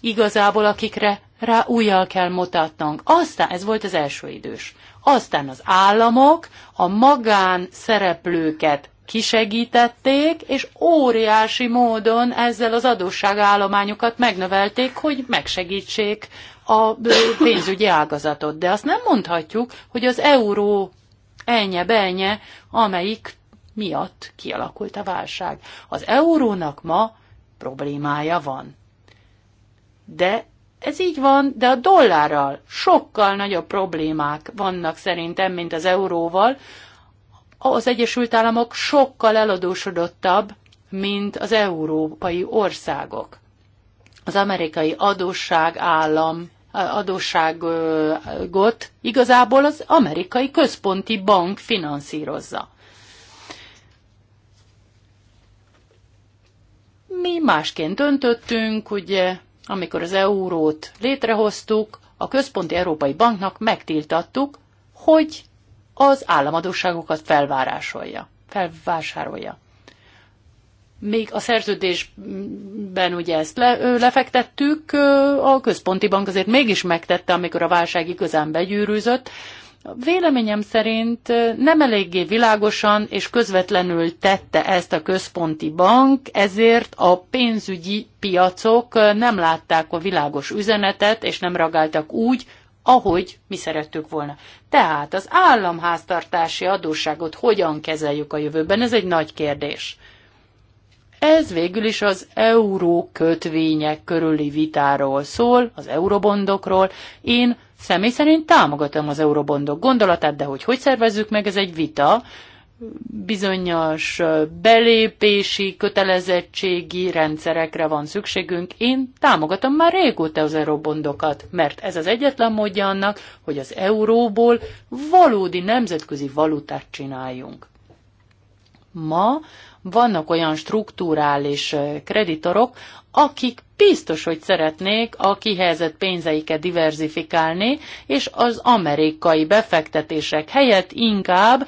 igazából, akikre rá újjal kell mutatnunk. Aztán, ez volt az első idős. Aztán az államok a magán szereplőket kisegítették, és óriási módon ezzel az adósságállományokat megnövelték, hogy megsegítsék a pénzügyi ágazatot. De azt nem mondhatjuk, hogy az euró elnye benye, amelyik miatt kialakult a válság. Az eurónak ma problémája van. De ez így van, de a dollárral sokkal nagyobb problémák vannak szerintem, mint az euróval. Az Egyesült Államok sokkal eladósodottabb, mint az európai országok. Az amerikai adósság állam adósságot igazából az amerikai központi bank finanszírozza. Mi másként döntöttünk, ugye, amikor az eurót létrehoztuk, a Központi Európai Banknak megtiltattuk, hogy az államadóságokat felvásárolja még a szerződésben ugye ezt le, lefektettük, a központi bank azért mégis megtette, amikor a válság igazán begyűrűzött. Véleményem szerint nem eléggé világosan és közvetlenül tette ezt a központi bank, ezért a pénzügyi piacok nem látták a világos üzenetet, és nem reagáltak úgy, ahogy mi szerettük volna. Tehát az államháztartási adósságot hogyan kezeljük a jövőben, ez egy nagy kérdés ez végül is az euró kötvények körüli vitáról szól, az eurobondokról. Én személy szerint támogatom az eurobondok gondolatát, de hogy hogy szervezzük meg, ez egy vita, bizonyos belépési, kötelezettségi rendszerekre van szükségünk. Én támogatom már régóta az eurobondokat, mert ez az egyetlen módja annak, hogy az euróból valódi nemzetközi valutát csináljunk. Ma vannak olyan struktúrális kreditorok, akik biztos, hogy szeretnék a kihelyezett pénzeiket diverzifikálni, és az amerikai befektetések helyett inkább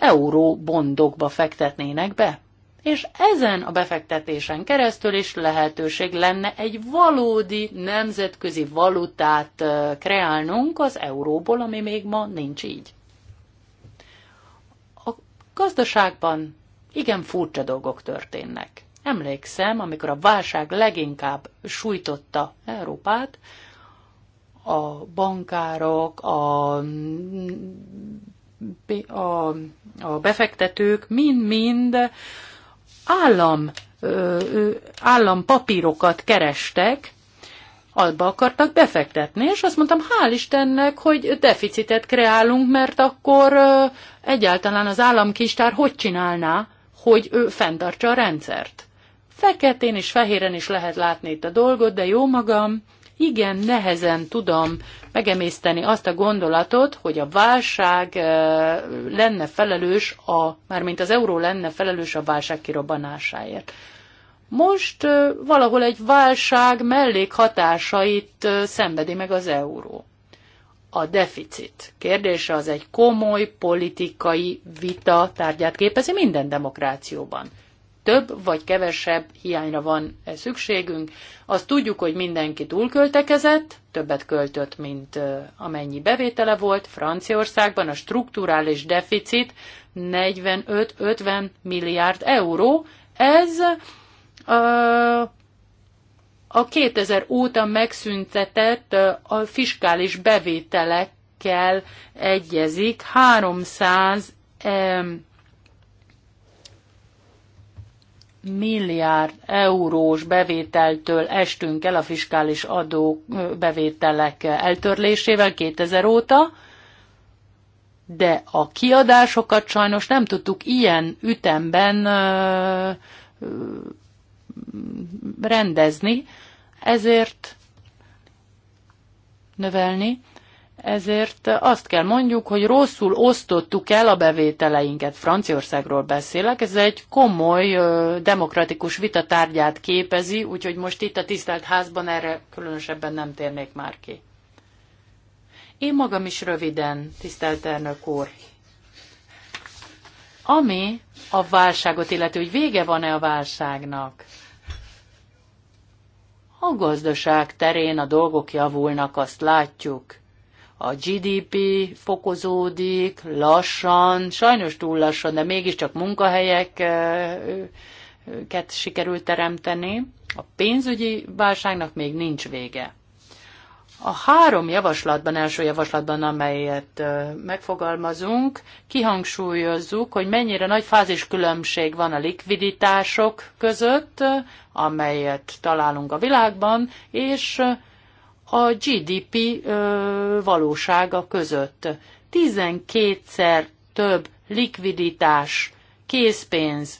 euróbondokba fektetnének be. És ezen a befektetésen keresztül is lehetőség lenne egy valódi nemzetközi valutát kreálnunk az euróból, ami még ma nincs így. A gazdaságban igen furcsa dolgok történnek. Emlékszem, amikor a válság leginkább sújtotta Európát, a bankárok, a, a, a befektetők mind-mind állam, állam papírokat kerestek, alba akartak befektetni, és azt mondtam, hál' Istennek, hogy deficitet kreálunk, mert akkor egyáltalán az államkistár hogy csinálná hogy ő fenntartsa a rendszert. Feketén és fehéren is lehet látni itt a dolgot, de jó magam, igen nehezen tudom megemészteni azt a gondolatot, hogy a válság eh, lenne felelős, a, mármint az euró lenne felelős a válság kirobbanásáért. Most eh, valahol egy válság mellékhatásait eh, szenvedi meg az euró a deficit kérdése az egy komoly politikai vita tárgyát képezi minden demokrációban. Több vagy kevesebb hiányra van -e szükségünk. Azt tudjuk, hogy mindenki túlköltekezett, többet költött, mint amennyi bevétele volt. Franciaországban a strukturális deficit 45-50 milliárd euró. Ez a 2000 óta megszüntetett a fiskális bevételekkel egyezik 300 milliárd eurós bevételtől estünk el a fiskális adó bevételek eltörlésével 2000 óta, de a kiadásokat sajnos nem tudtuk ilyen ütemben rendezni, ezért növelni, ezért azt kell mondjuk, hogy rosszul osztottuk el a bevételeinket. Franciaországról beszélek, ez egy komoly demokratikus vita tárgyát képezi, úgyhogy most itt a tisztelt házban erre különösebben nem térnék már ki. Én magam is röviden, tisztelt elnök úr. Ami a válságot illeti, hogy vége van-e a válságnak? A gazdaság terén a dolgok javulnak, azt látjuk. A GDP fokozódik lassan, sajnos túl lassan, de mégiscsak munkahelyeket sikerült teremteni. A pénzügyi válságnak még nincs vége. A három javaslatban, első javaslatban, amelyet megfogalmazunk, kihangsúlyozzuk, hogy mennyire nagy fáziskülönbség van a likviditások között, amelyet találunk a világban, és a GDP valósága között. 12-szer több likviditás, készpénz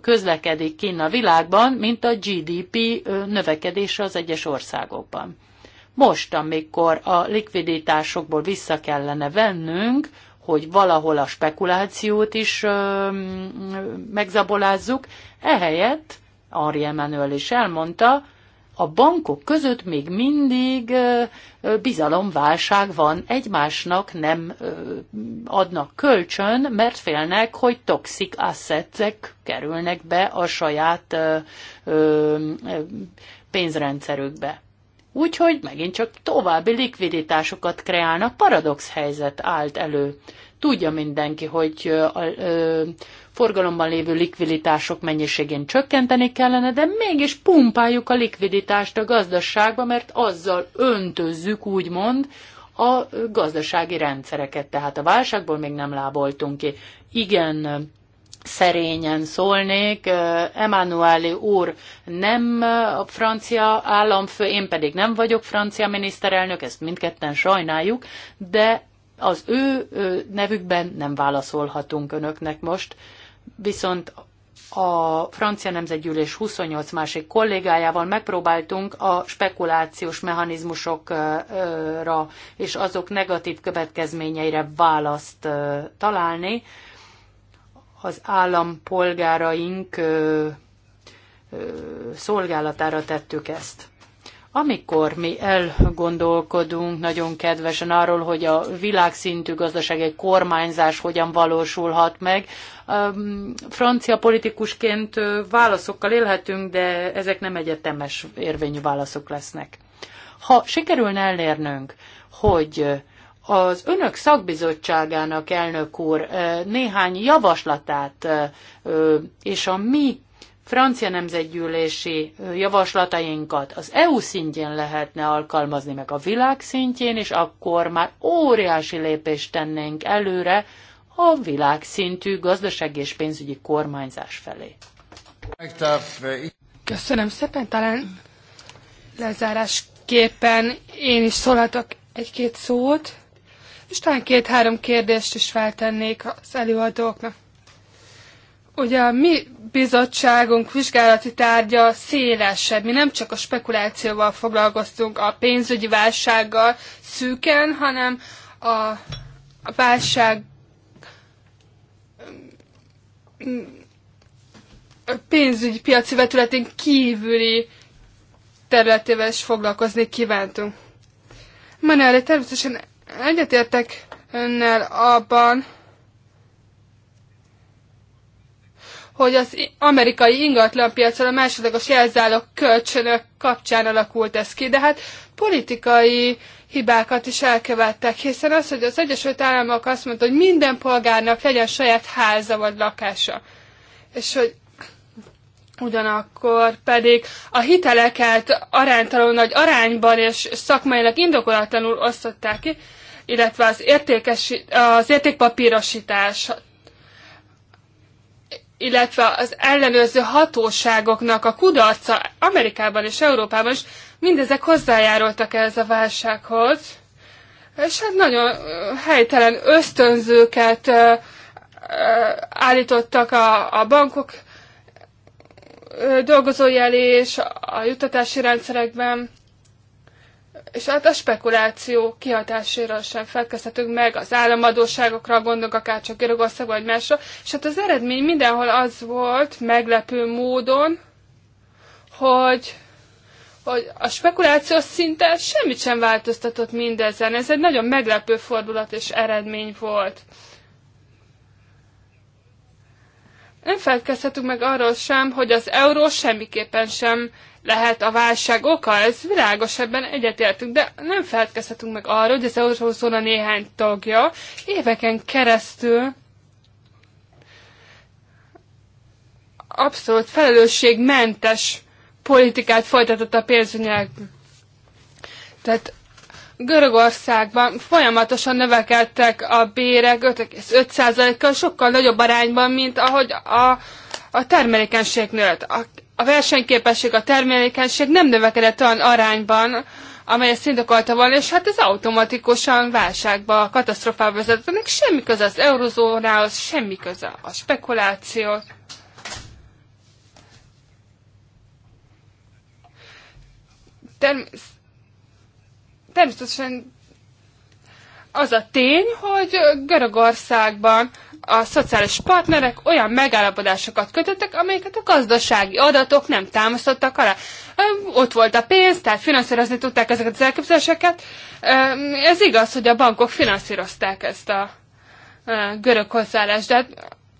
közlekedik kinn a világban, mint a GDP növekedése az egyes országokban. Most, amikor a likviditásokból vissza kellene vennünk, hogy valahol a spekulációt is ö, megzabolázzuk, ehelyett, Ari Emanuel is elmondta, a bankok között még mindig bizalomválság van, egymásnak nem adnak kölcsön, mert félnek, hogy toxik asszetek kerülnek be a saját pénzrendszerükbe. Úgyhogy megint csak további likviditásokat kreálnak, paradox helyzet állt elő. Tudja mindenki, hogy a forgalomban lévő likviditások mennyiségén csökkenteni kellene, de mégis pumpáljuk a likviditást a gazdaságba, mert azzal öntözzük, úgymond, a gazdasági rendszereket. Tehát a válságból még nem láboltunk ki. Igen, szerényen szólnék. Emmanueli úr nem a francia államfő, én pedig nem vagyok francia miniszterelnök, ezt mindketten sajnáljuk, de az ő nevükben nem válaszolhatunk önöknek most, viszont a francia nemzetgyűlés 28 másik kollégájával megpróbáltunk a spekulációs mechanizmusokra és azok negatív következményeire választ találni, az állampolgáraink ö, ö, szolgálatára tettük ezt. Amikor mi elgondolkodunk nagyon kedvesen arról, hogy a világszintű gazdaság egy kormányzás hogyan valósulhat meg, francia politikusként válaszokkal élhetünk, de ezek nem egyetemes érvényű válaszok lesznek. Ha sikerülne elérnünk, hogy az önök szakbizottságának elnök úr néhány javaslatát és a mi francia nemzetgyűlési javaslatainkat az EU szintjén lehetne alkalmazni, meg a világ szintjén, és akkor már óriási lépést tennénk előre a világszintű gazdaság és pénzügyi kormányzás felé. Köszönöm szépen, talán lezárásképpen én is szólhatok egy-két szót és talán két-három kérdést is feltennék az előadóknak. Ugye a mi bizottságunk vizsgálati tárgya szélesebb. Mi nem csak a spekulációval foglalkoztunk, a pénzügyi válsággal szűken, hanem a, a válság a pénzügyi piaci vetületén kívüli területével is foglalkozni kívántunk. Manelli természetesen Egyetértek önnel abban, hogy az amerikai ingatlanpiacon a másodlagos jelzálog kölcsönök kapcsán alakult ez ki, de hát politikai hibákat is elkövettek, hiszen az, hogy az Egyesült Államok azt mondta, hogy minden polgárnak legyen saját háza vagy lakása, és hogy ugyanakkor pedig a hiteleket aránytalanul nagy arányban és szakmailag indokolatlanul osztották ki, illetve az, értékes, az értékpapírosítás, illetve az ellenőrző hatóságoknak a kudarca Amerikában és Európában is, mindezek hozzájárultak ehhez a válsághoz, és hát nagyon helytelen ösztönzőket állítottak a, a bankok dolgozói elé és a jutatási rendszerekben és hát a spekuláció kihatására sem felkezdhetünk meg, az államadóságokra gondolok, akár csak Görögország vagy másra, és hát az eredmény mindenhol az volt, meglepő módon, hogy, hogy a spekuláció szinte semmit sem változtatott mindezen. Ez egy nagyon meglepő fordulat és eredmény volt. Nem felkezhetünk meg arról sem, hogy az euró semmiképpen sem lehet a válság oka, ez világos, ebben egyetértünk, de nem feledkezhetünk meg arra, hogy az Eurózóna néhány tagja éveken keresztül abszolút felelősségmentes politikát folytatott a pénzügyek. Tehát Görögországban folyamatosan növekedtek a bérek 5,5%-kal, sokkal nagyobb arányban, mint ahogy a, a termelékenység nőtt. A a versenyképesség, a termelékenység nem növekedett olyan arányban, amelyet indokolta volna, és hát ez automatikusan válságba, katasztrofába vezetett. Ennek semmi köze az eurozónához, semmi köze a spekuláció. Term- természetesen az a tény, hogy Görögországban a szociális partnerek olyan megállapodásokat kötöttek, amelyeket a gazdasági adatok nem támasztottak alá. Ott volt a pénz, tehát finanszírozni tudták ezeket az elképzeléseket. Ez igaz, hogy a bankok finanszírozták ezt a görög hozzáállást, de hát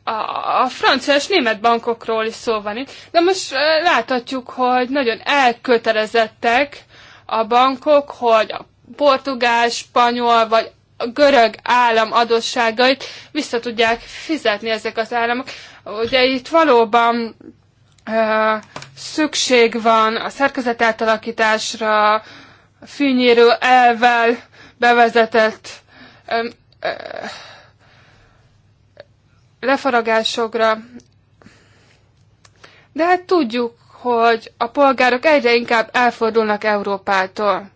a, a francia és német bankokról is szó van itt. De most láthatjuk, hogy nagyon elkötelezettek a bankok, hogy a portugál, spanyol vagy a görög állam adósságait vissza tudják fizetni ezek az államok. Ugye itt valóban ö, szükség van a szerkezet átalakításra, fűnyírő elvel bevezetett ö, ö, lefaragásokra. De hát tudjuk, hogy a polgárok egyre inkább elfordulnak Európától.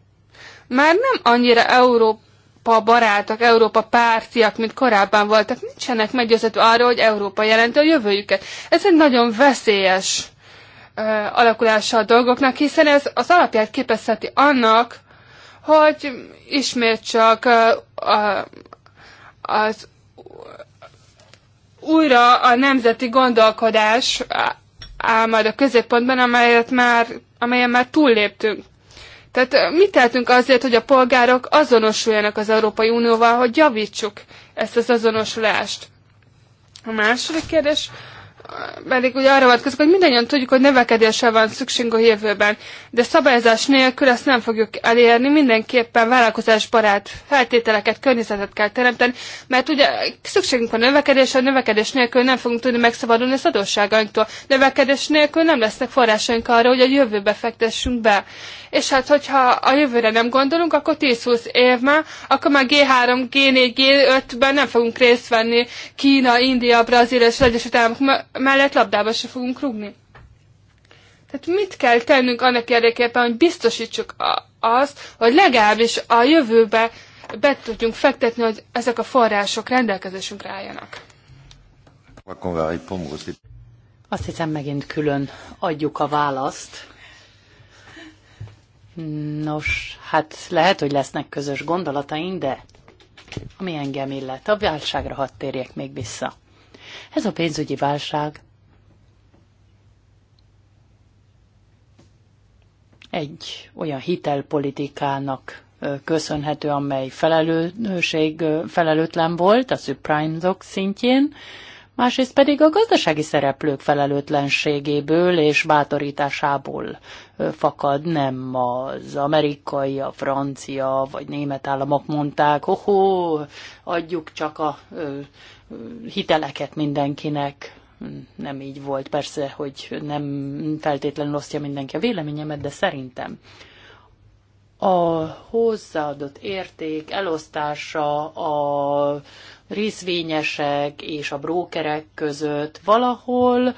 Már nem annyira Európa Európa barátok, Európa pártiak, mint korábban voltak, nincsenek meggyőzhető arról, hogy Európa jelenti a jövőjüket. Ez egy nagyon veszélyes ö, alakulása a dolgoknak, hiszen ez az alapját képezheti annak, hogy ismét csak ö, ö, az újra a nemzeti gondolkodás áll majd a középpontban, amelyet már, amelyen már túlléptünk. Tehát mit tehetünk azért, hogy a polgárok azonosuljanak az Európai Unióval, hogy javítsuk ezt az azonosulást? A második kérdés pedig ugye arra vonatkozik, hogy mindannyian tudjuk, hogy növekedésre van szükség a jövőben, de szabályozás nélkül ezt nem fogjuk elérni, mindenképpen vállalkozásbarát feltételeket, környezetet kell teremteni, mert ugye szükségünk van növekedésre, a növekedés nélkül nem fogunk tudni megszabadulni az adósságainktól, növekedés nélkül nem lesznek forrásaink arra, hogy a jövőbe fektessünk be és hát hogyha a jövőre nem gondolunk, akkor 10-20 év már, akkor már G3, G4, G5-ben nem fogunk részt venni Kína, India, Brazília és az Egyesült Államok mellett labdába se fogunk rugni. Tehát mit kell tennünk annak érdekében, hogy biztosítsuk a, azt, hogy legalábbis a jövőbe be tudjunk fektetni, hogy ezek a források rendelkezésünkre álljanak. Azt hiszem megint külön adjuk a választ Nos, hát lehet, hogy lesznek közös gondolataink, de ami engem illet, a válságra hadd térjek még vissza. Ez a pénzügyi válság egy olyan hitelpolitikának köszönhető, amely felelőség felelőtlen volt a subprime-ok szintjén, másrészt pedig a gazdasági szereplők felelőtlenségéből és bátorításából fakad, nem az amerikai, a francia vagy német államok mondták, hoho, adjuk csak a hiteleket mindenkinek. Nem így volt, persze, hogy nem feltétlenül osztja mindenki a véleményemet, de szerintem a hozzáadott érték elosztása a részvényesek és a brókerek között valahol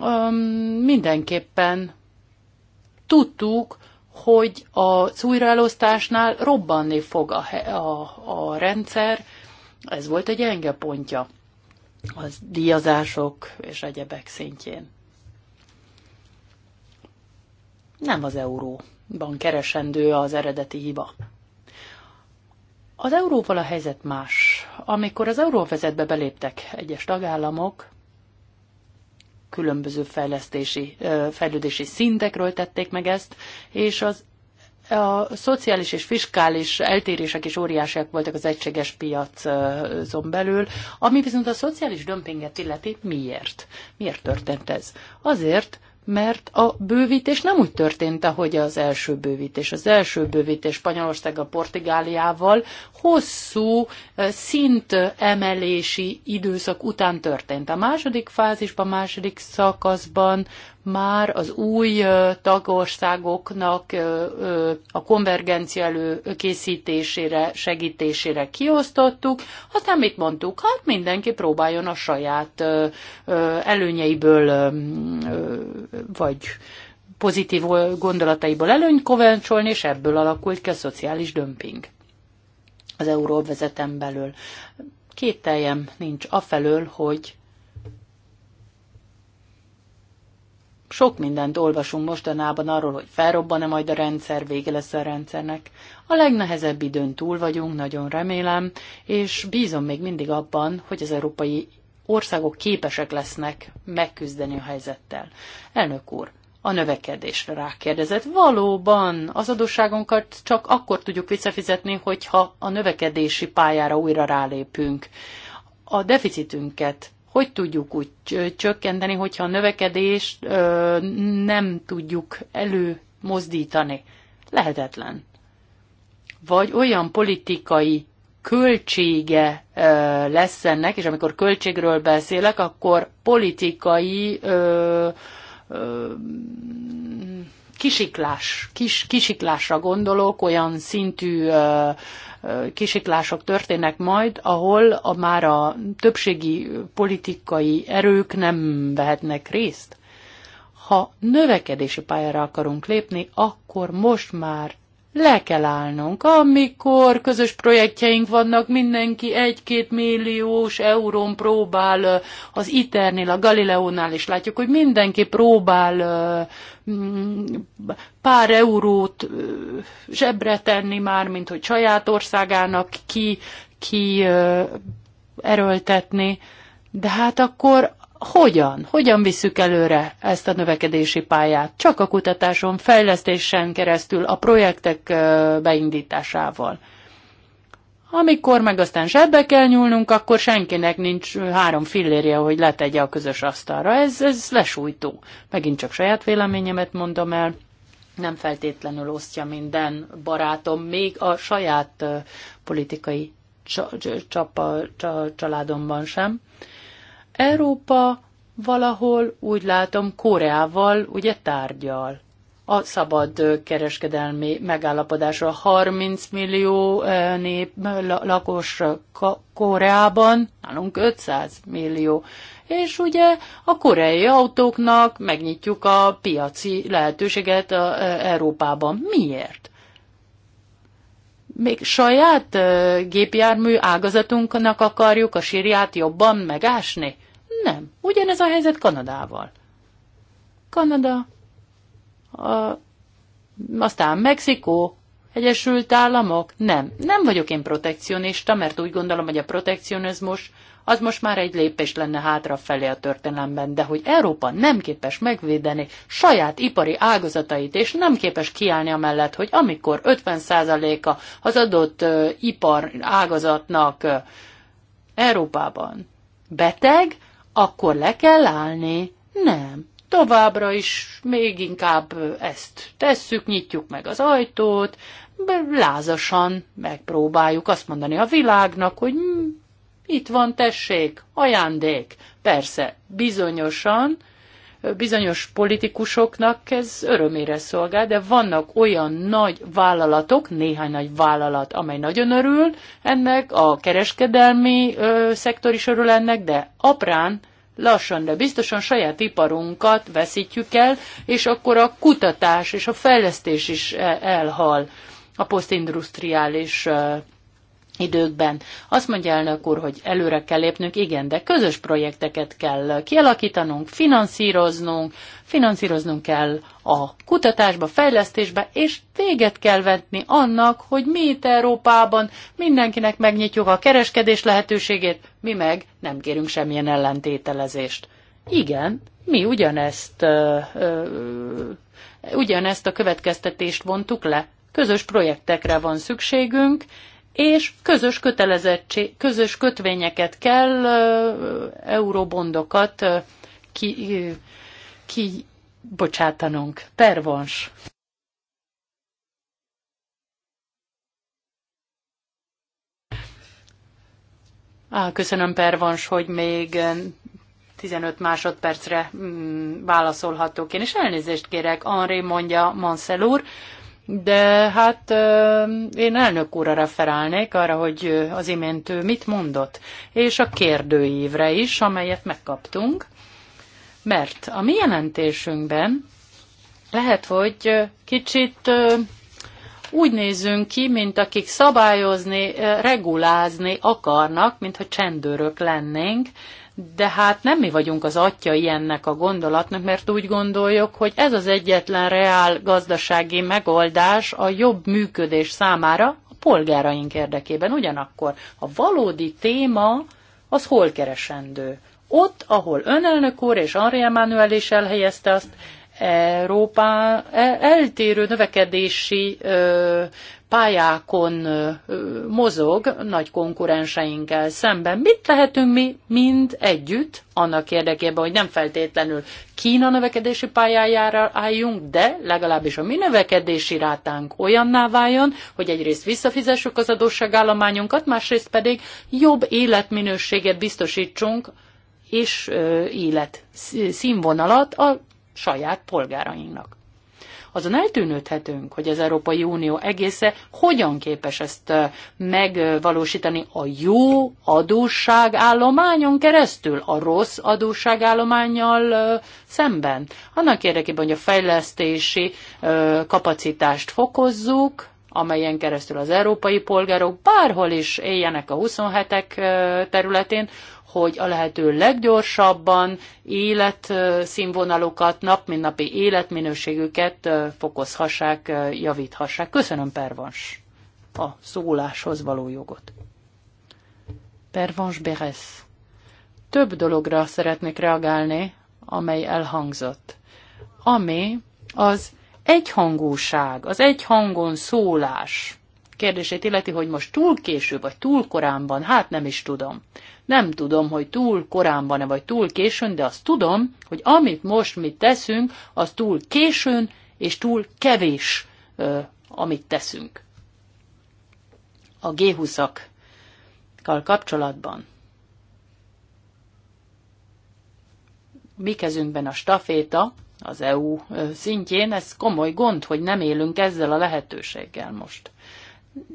um, mindenképpen tudtuk, hogy az újraelosztásnál robbanni fog a, a, a rendszer, ez volt egy gyenge pontja az díjazások és egyebek szintjén. Nem az euróban keresendő az eredeti hiba. Az euróval a helyzet más. Amikor az euróvezetbe beléptek egyes tagállamok, különböző fejlesztési, fejlődési szintekről tették meg ezt, és az a szociális és fiskális eltérések is óriásiak voltak az egységes piacon belül, ami viszont a szociális dömpinget illeti, miért? Miért történt ez? Azért, mert a bővítés nem úgy történt, ahogy az első bővítés. Az első bővítés Spanyolország a Portugáliával hosszú eh, szint emelési időszak után történt. A második fázisban, második szakaszban már az új tagországoknak a konvergencia előkészítésére, segítésére kiosztottuk. Aztán mit mondtuk? Hát mindenki próbáljon a saját előnyeiből vagy pozitív gondolataiból előnyt kovácsolni, és ebből alakult ki a szociális dömping az euróvezetem belül. Kételjem nincs afelől, hogy Sok mindent olvasunk mostanában arról, hogy felrobban-e majd a rendszer, vége lesz a rendszernek. A legnehezebb időn túl vagyunk, nagyon remélem, és bízom még mindig abban, hogy az európai országok képesek lesznek megküzdeni a helyzettel. Elnök úr, a növekedésre rákérdezett. Valóban az adósságunkat csak akkor tudjuk visszafizetni, hogyha a növekedési pályára újra rálépünk. A deficitünket hogy tudjuk úgy csökkenteni, hogyha a növekedést nem tudjuk előmozdítani? Lehetetlen. Vagy olyan politikai költsége lesz ennek, és amikor költségről beszélek, akkor politikai ö, ö, kisiklás, kis, kisiklásra gondolok, olyan szintű ö, kisiklások történnek majd, ahol a már a többségi politikai erők nem vehetnek részt. Ha növekedési pályára akarunk lépni, akkor most már le kell állnunk. Amikor közös projektjeink vannak, mindenki egy-két milliós eurón próbál az Iternél, a Galileónál is látjuk, hogy mindenki próbál mm, pár eurót zsebre tenni már, mint hogy saját országának ki, ki erőltetni. De hát akkor hogyan, hogyan visszük előre ezt a növekedési pályát? Csak a kutatáson, fejlesztésen keresztül, a projektek beindításával. Amikor meg aztán zsebbe kell nyúlnunk, akkor senkinek nincs három fillérje, hogy letegye a közös asztalra. Ez, ez lesújtó. Megint csak saját véleményemet mondom el. Nem feltétlenül osztja minden barátom, még a saját politikai csa, csa, csa, családomban sem. Európa valahol, úgy látom, Koreával ugye tárgyal a szabad kereskedelmi megállapodásra 30 millió nép lakos Koreában, nálunk 500 millió. És ugye a koreai autóknak megnyitjuk a piaci lehetőséget Európában. Miért? Még saját gépjármű ágazatunknak akarjuk a sírját jobban megásni? Nem. Ugyanez a helyzet Kanadával. Kanada, a, aztán Mexikó, Egyesült Államok? Nem. Nem vagyok én protekcionista, mert úgy gondolom, hogy a protekcionizmus az most már egy lépés lenne hátrafelé a történelemben, de hogy Európa nem képes megvédeni saját ipari ágazatait, és nem képes kiállni amellett, hogy amikor 50%-a az adott ö, ipar ágazatnak ö, Európában beteg, akkor le kell állni? Nem. Továbbra is még inkább ezt tesszük, nyitjuk meg az ajtót, lázasan megpróbáljuk azt mondani a világnak, hogy mm, itt van, tessék, ajándék. Persze, bizonyosan bizonyos politikusoknak ez örömére szolgál, de vannak olyan nagy vállalatok, néhány nagy vállalat, amely nagyon örül ennek, a kereskedelmi ö, szektor is örül ennek, de aprán, lassan, de biztosan saját iparunkat veszítjük el, és akkor a kutatás és a fejlesztés is e-, elhal a posztindustriális időkben. Azt mondja elnök úr, hogy előre kell lépnünk, igen, de közös projekteket kell kialakítanunk, finanszíroznunk, finanszíroznunk kell a kutatásba, fejlesztésbe, és véget kell vetni annak, hogy mi itt Európában mindenkinek megnyitjuk a kereskedés lehetőségét, mi meg nem kérünk semmilyen ellentételezést. Igen, mi ugyanezt, ö, ö, ugyanezt a következtetést vontuk le. Közös projektekre van szükségünk, és közös közös kötvényeket kell, eurobondokat ki, ki bocsátanunk. Pervons. Ah, köszönöm, Pervons, hogy még 15 másodpercre mm, válaszolhatok én, és elnézést kérek, Henri mondja Mansell úr, de hát én elnök úrra referálnék arra, hogy az imént ő mit mondott, és a kérdőívre is, amelyet megkaptunk, mert a mi jelentésünkben lehet, hogy kicsit úgy nézünk ki, mint akik szabályozni, regulázni akarnak, mintha csendőrök lennénk, de hát nem mi vagyunk az atya ilyennek a gondolatnak, mert úgy gondoljuk, hogy ez az egyetlen reál gazdasági megoldás a jobb működés számára a polgáraink érdekében. Ugyanakkor a valódi téma az hol keresendő? Ott, ahol önelnök úr és Henri Emmanuel is elhelyezte azt, Európa e, eltérő növekedési pályákon mozog nagy konkurenseinkkel szemben. Mit tehetünk mi mind együtt annak érdekében, hogy nem feltétlenül Kína növekedési pályájára álljunk, de legalábbis a mi növekedési rátánk olyanná váljon, hogy egyrészt visszafizessük az adósságállományunkat, másrészt pedig jobb életminőséget biztosítsunk és élet színvonalat a saját polgárainknak. Azon eltűnődhetünk, hogy az Európai Unió egésze hogyan képes ezt megvalósítani a jó adósságállományon keresztül, a rossz adósságállományjal szemben. Annak érdekében, hogy a fejlesztési kapacitást fokozzuk, amelyen keresztül az európai polgárok bárhol is éljenek a 27-ek területén, hogy a lehető leggyorsabban életszínvonalukat, nap mint napi életminőségüket fokozhassák, javíthassák. Köszönöm, Pervans, a szóláshoz való jogot. Pervans Beresz. Több dologra szeretnék reagálni, amely elhangzott. Ami az egyhangúság, az egyhangon szólás kérdését illeti, hogy most túl késő vagy túl koránban, hát nem is tudom. Nem tudom, hogy túl korán van-e, vagy túl későn, de azt tudom, hogy amit most mi teszünk, az túl későn és túl kevés, euh, amit teszünk. A G20-akkal kapcsolatban mi kezünkben a staféta, az EU szintjén, ez komoly gond, hogy nem élünk ezzel a lehetőséggel most.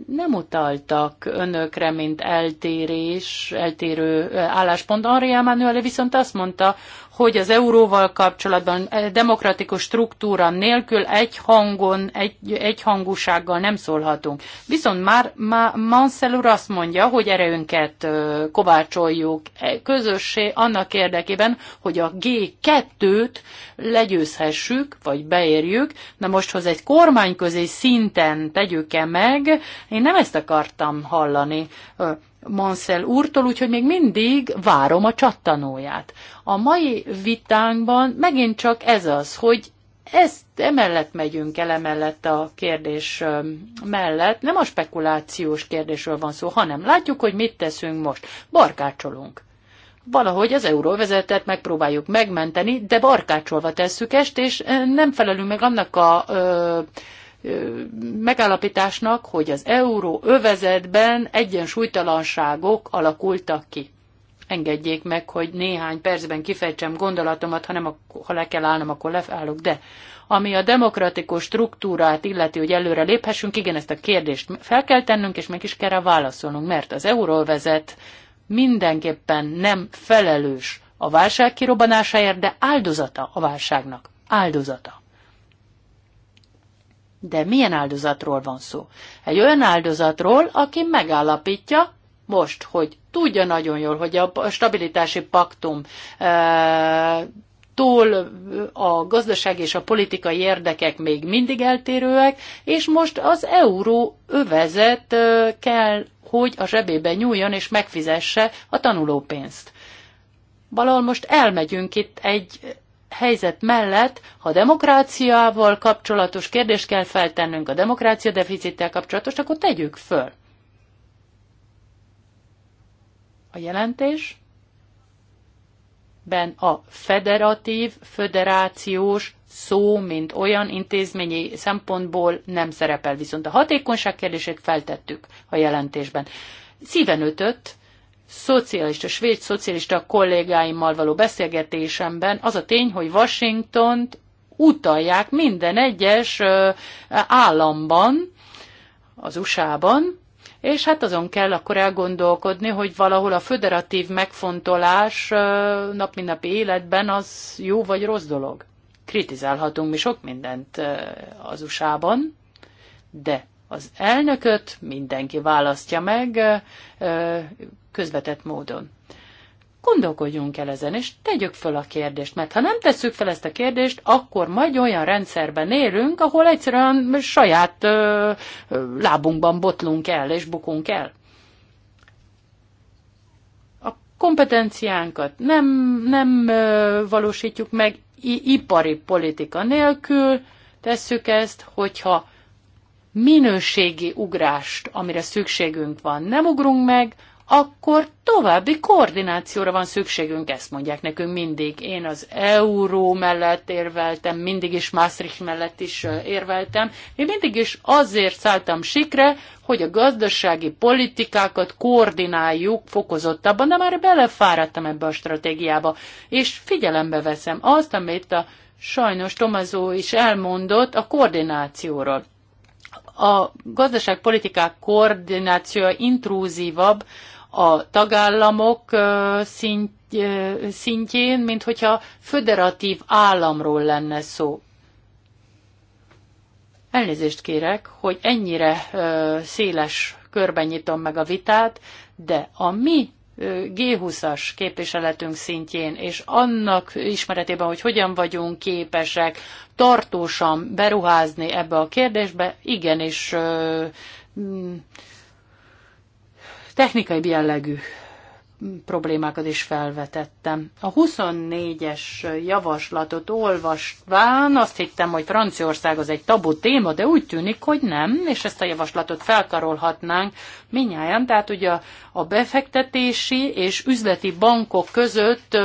Nem utaltak önökre, mint eltérés, eltérő álláspont. Henri Emmanuel viszont azt mondta, hogy az euróval kapcsolatban eh, demokratikus struktúra nélkül egy hangon, egy, egy hangúsággal nem szólhatunk. Viszont már ma, Mansell úr azt mondja, hogy erőnket kovácsoljuk eh, közössé annak érdekében, hogy a G2-t legyőzhessük, vagy beérjük. Na most, hogy egy kormányközi szinten tegyük-e meg, én nem ezt akartam hallani. Mansell úrtól, úgyhogy még mindig várom a csattanóját. A mai vitánkban megint csak ez az, hogy ezt emellett megyünk el, emellett a kérdés mellett. Nem a spekulációs kérdésről van szó, hanem látjuk, hogy mit teszünk most. Barkácsolunk. Valahogy az euróvezetet megpróbáljuk megmenteni, de barkácsolva tesszük ezt, és nem felelünk meg annak a ö, megállapításnak, hogy az euró övezetben egyensúlytalanságok alakultak ki. Engedjék meg, hogy néhány percben kifejtsem gondolatomat, ha, nem, ha le kell állnom, akkor leállok, de ami a demokratikus struktúrát illeti, hogy előre léphessünk, igen, ezt a kérdést fel kell tennünk, és meg is kell rá válaszolnunk, mert az euróvezet mindenképpen nem felelős a válság kirobbanásáért, de áldozata a válságnak. Áldozata. De milyen áldozatról van szó? Egy olyan áldozatról, aki megállapítja most, hogy tudja nagyon jól, hogy a stabilitási paktum e, túl a gazdaság és a politikai érdekek még mindig eltérőek, és most az euró övezet e, kell, hogy a zsebébe nyúljon és megfizesse a tanulópénzt. Valahol most elmegyünk itt egy helyzet mellett, ha demokráciával kapcsolatos kérdést kell feltennünk, a demokrácia deficittel kapcsolatos, akkor tegyük föl. A jelentés ben a federatív, föderációs szó, mint olyan intézményi szempontból nem szerepel. Viszont a hatékonyság kérdését feltettük a jelentésben. Szíven ütött, szocialista, svéd szocialista kollégáimmal való beszélgetésemben az a tény, hogy Washingtont utalják minden egyes államban, az USA-ban, és hát azon kell akkor elgondolkodni, hogy valahol a föderatív megfontolás nap mint napi életben az jó vagy rossz dolog. Kritizálhatunk mi sok mindent az USA-ban, de az elnököt mindenki választja meg közvetett módon. Gondolkodjunk el ezen, és tegyük föl a kérdést, mert ha nem tesszük fel ezt a kérdést, akkor majd olyan rendszerben élünk, ahol egyszerűen saját ö, ö, lábunkban botlunk el és bukunk el A kompetenciánkat nem, nem valósítjuk meg ipari politika nélkül, tesszük ezt, hogyha minőségi ugrást, amire szükségünk van, nem ugrunk meg, akkor további koordinációra van szükségünk, ezt mondják nekünk mindig. Én az euró mellett érveltem, mindig is Maastricht mellett is érveltem. Én mindig is azért szálltam sikre, hogy a gazdasági politikákat koordináljuk fokozottabban, de már belefáradtam ebbe a stratégiába, és figyelembe veszem azt, amit a sajnos Tomazó is elmondott a koordinációról a gazdaságpolitikák koordinációja intrúzívabb a tagállamok szint, szintjén, mint hogyha föderatív államról lenne szó. Elnézést kérek, hogy ennyire széles körben nyitom meg a vitát, de a mi G20-as képviseletünk szintjén, és annak ismeretében, hogy hogyan vagyunk képesek tartósan beruházni ebbe a kérdésbe, igenis technikai jellegű problémákat is felvetettem. A 24-es javaslatot olvasván azt hittem, hogy Franciaország az egy tabu téma, de úgy tűnik, hogy nem, és ezt a javaslatot felkarolhatnánk minnyáján. Tehát ugye a befektetési és üzleti bankok között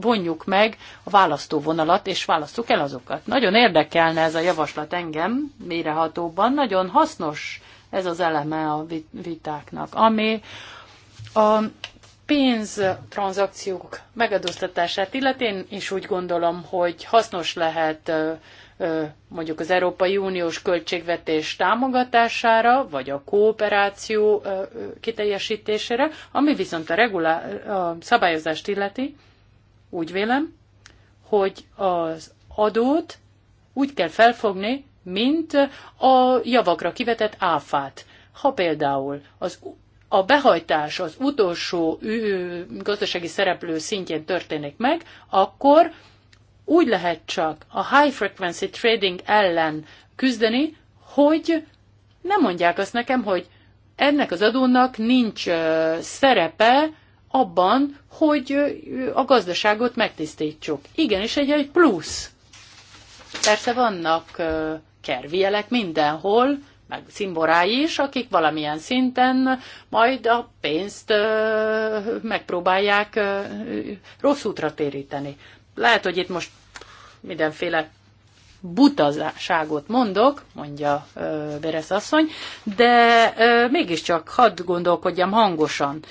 vonjuk meg a választóvonalat, és választjuk el azokat. Nagyon érdekelne ez a javaslat engem, mérehatóban, nagyon hasznos ez az eleme a vitáknak, ami a pénztranzakciók megadóztatását illeti, én is úgy gondolom, hogy hasznos lehet mondjuk az Európai Uniós költségvetés támogatására, vagy a kooperáció kiteljesítésére, ami viszont a, regulá- a szabályozást illeti, úgy vélem, hogy az adót úgy kell felfogni, mint a javakra kivetett áfát. Ha például az a behajtás az utolsó gazdasági szereplő szintjén történik meg, akkor úgy lehet csak a high frequency trading ellen küzdeni, hogy nem mondják azt nekem, hogy ennek az adónak nincs szerepe abban, hogy a gazdaságot megtisztítsuk. Igen, és egy, egy plusz. Persze vannak kervielek mindenhol, meg szimborái is, akik valamilyen szinten majd a pénzt megpróbálják rossz útra téríteni. Lehet, hogy itt most mindenféle butaságot mondok, mondja Beresz asszony, de mégiscsak hadd gondolkodjam hangosan.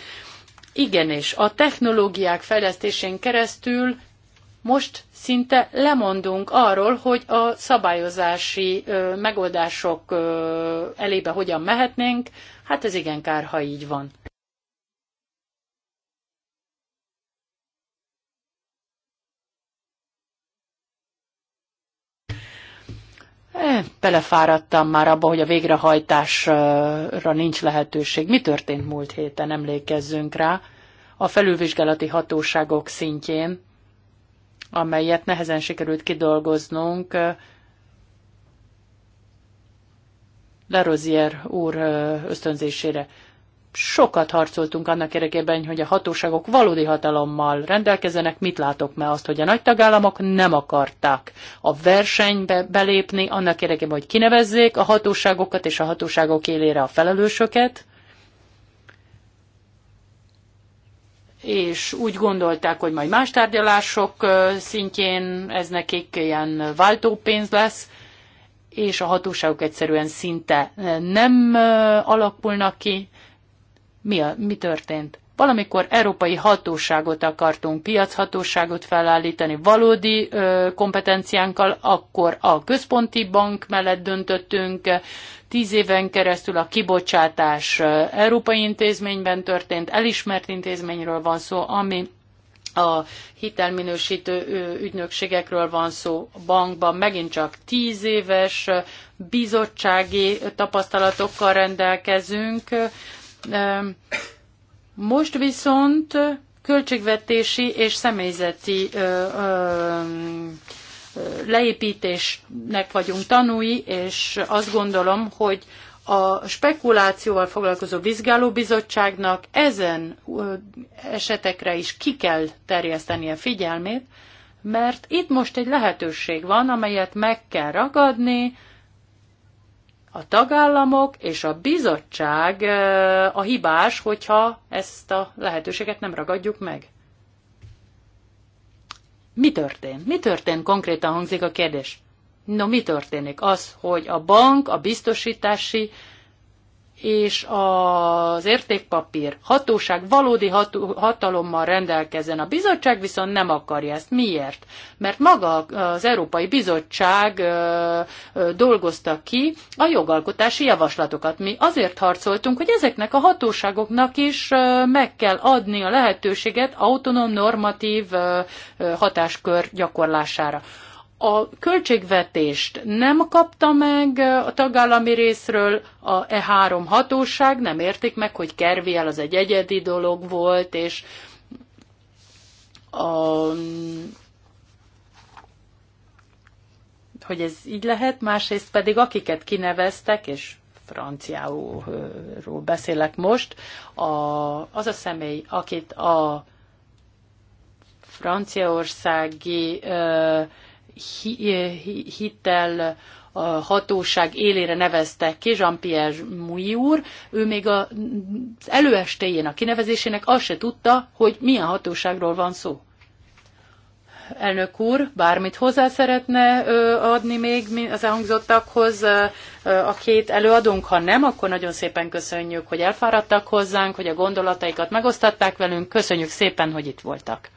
Igenis, a technológiák fejlesztésén keresztül most szinte lemondunk arról, hogy a szabályozási ö, megoldások ö, elébe hogyan mehetnénk. Hát ez igen kár, ha így van. E, belefáradtam már abba, hogy a végrehajtásra nincs lehetőség. Mi történt múlt héten, emlékezzünk rá, a felülvizsgálati hatóságok szintjén amelyet nehezen sikerült kidolgoznunk. Lerozier úr ösztönzésére. Sokat harcoltunk annak érdekében, hogy a hatóságok valódi hatalommal rendelkezzenek. Mit látok már azt, hogy a nagy tagállamok nem akarták a versenybe belépni annak érdekében, hogy kinevezzék a hatóságokat és a hatóságok élére a felelősöket, és úgy gondolták, hogy majd más tárgyalások szintjén ez nekik ilyen váltópénz lesz, és a hatóságok egyszerűen szinte nem alakulnak ki. Mi, a, mi történt? Valamikor európai hatóságot akartunk, piachatóságot felállítani valódi ö, kompetenciánkkal, akkor a központi bank mellett döntöttünk, Tíz éven keresztül a kibocsátás európai intézményben történt, elismert intézményről van szó, ami a hitelminősítő ügynökségekről van szó bankban, megint csak tíz éves bizottsági tapasztalatokkal rendelkezünk. Most viszont költségvetési és személyzeti leépítésnek vagyunk tanúi, és azt gondolom, hogy a spekulációval foglalkozó vizsgálóbizottságnak ezen esetekre is ki kell terjesztenie figyelmét, mert itt most egy lehetőség van, amelyet meg kell ragadni, a tagállamok és a bizottság a hibás, hogyha ezt a lehetőséget nem ragadjuk meg mi történt? Mi történt konkrétan hangzik a kérdés? No, mi történik? Az, hogy a bank, a biztosítási és az értékpapír hatóság valódi ható, hatalommal rendelkezzen. A bizottság viszont nem akarja ezt. Miért? Mert maga az Európai Bizottság ö, ö, dolgozta ki a jogalkotási javaslatokat. Mi azért harcoltunk, hogy ezeknek a hatóságoknak is ö, meg kell adni a lehetőséget autonóm normatív ö, ö, hatáskör gyakorlására a költségvetést nem kapta meg a tagállami részről a E3 hatóság, nem értik meg, hogy Kerviel az egy egyedi dolog volt, és a, hogy ez így lehet, másrészt pedig akiket kineveztek, és franciáról beszélek most, a, az a személy, akit a franciaországi uh, hitel eh, hatóság élére nevezte ki, Jean-Pierre Mouy úr, ő még az előestéjén a kinevezésének azt se tudta, hogy milyen hatóságról van szó. Elnök úr, bármit hozzá szeretne adni még az elhangzottakhoz a két előadónk? Ha nem, akkor nagyon szépen köszönjük, hogy elfáradtak hozzánk, hogy a gondolataikat megosztatták velünk. Köszönjük szépen, hogy itt voltak.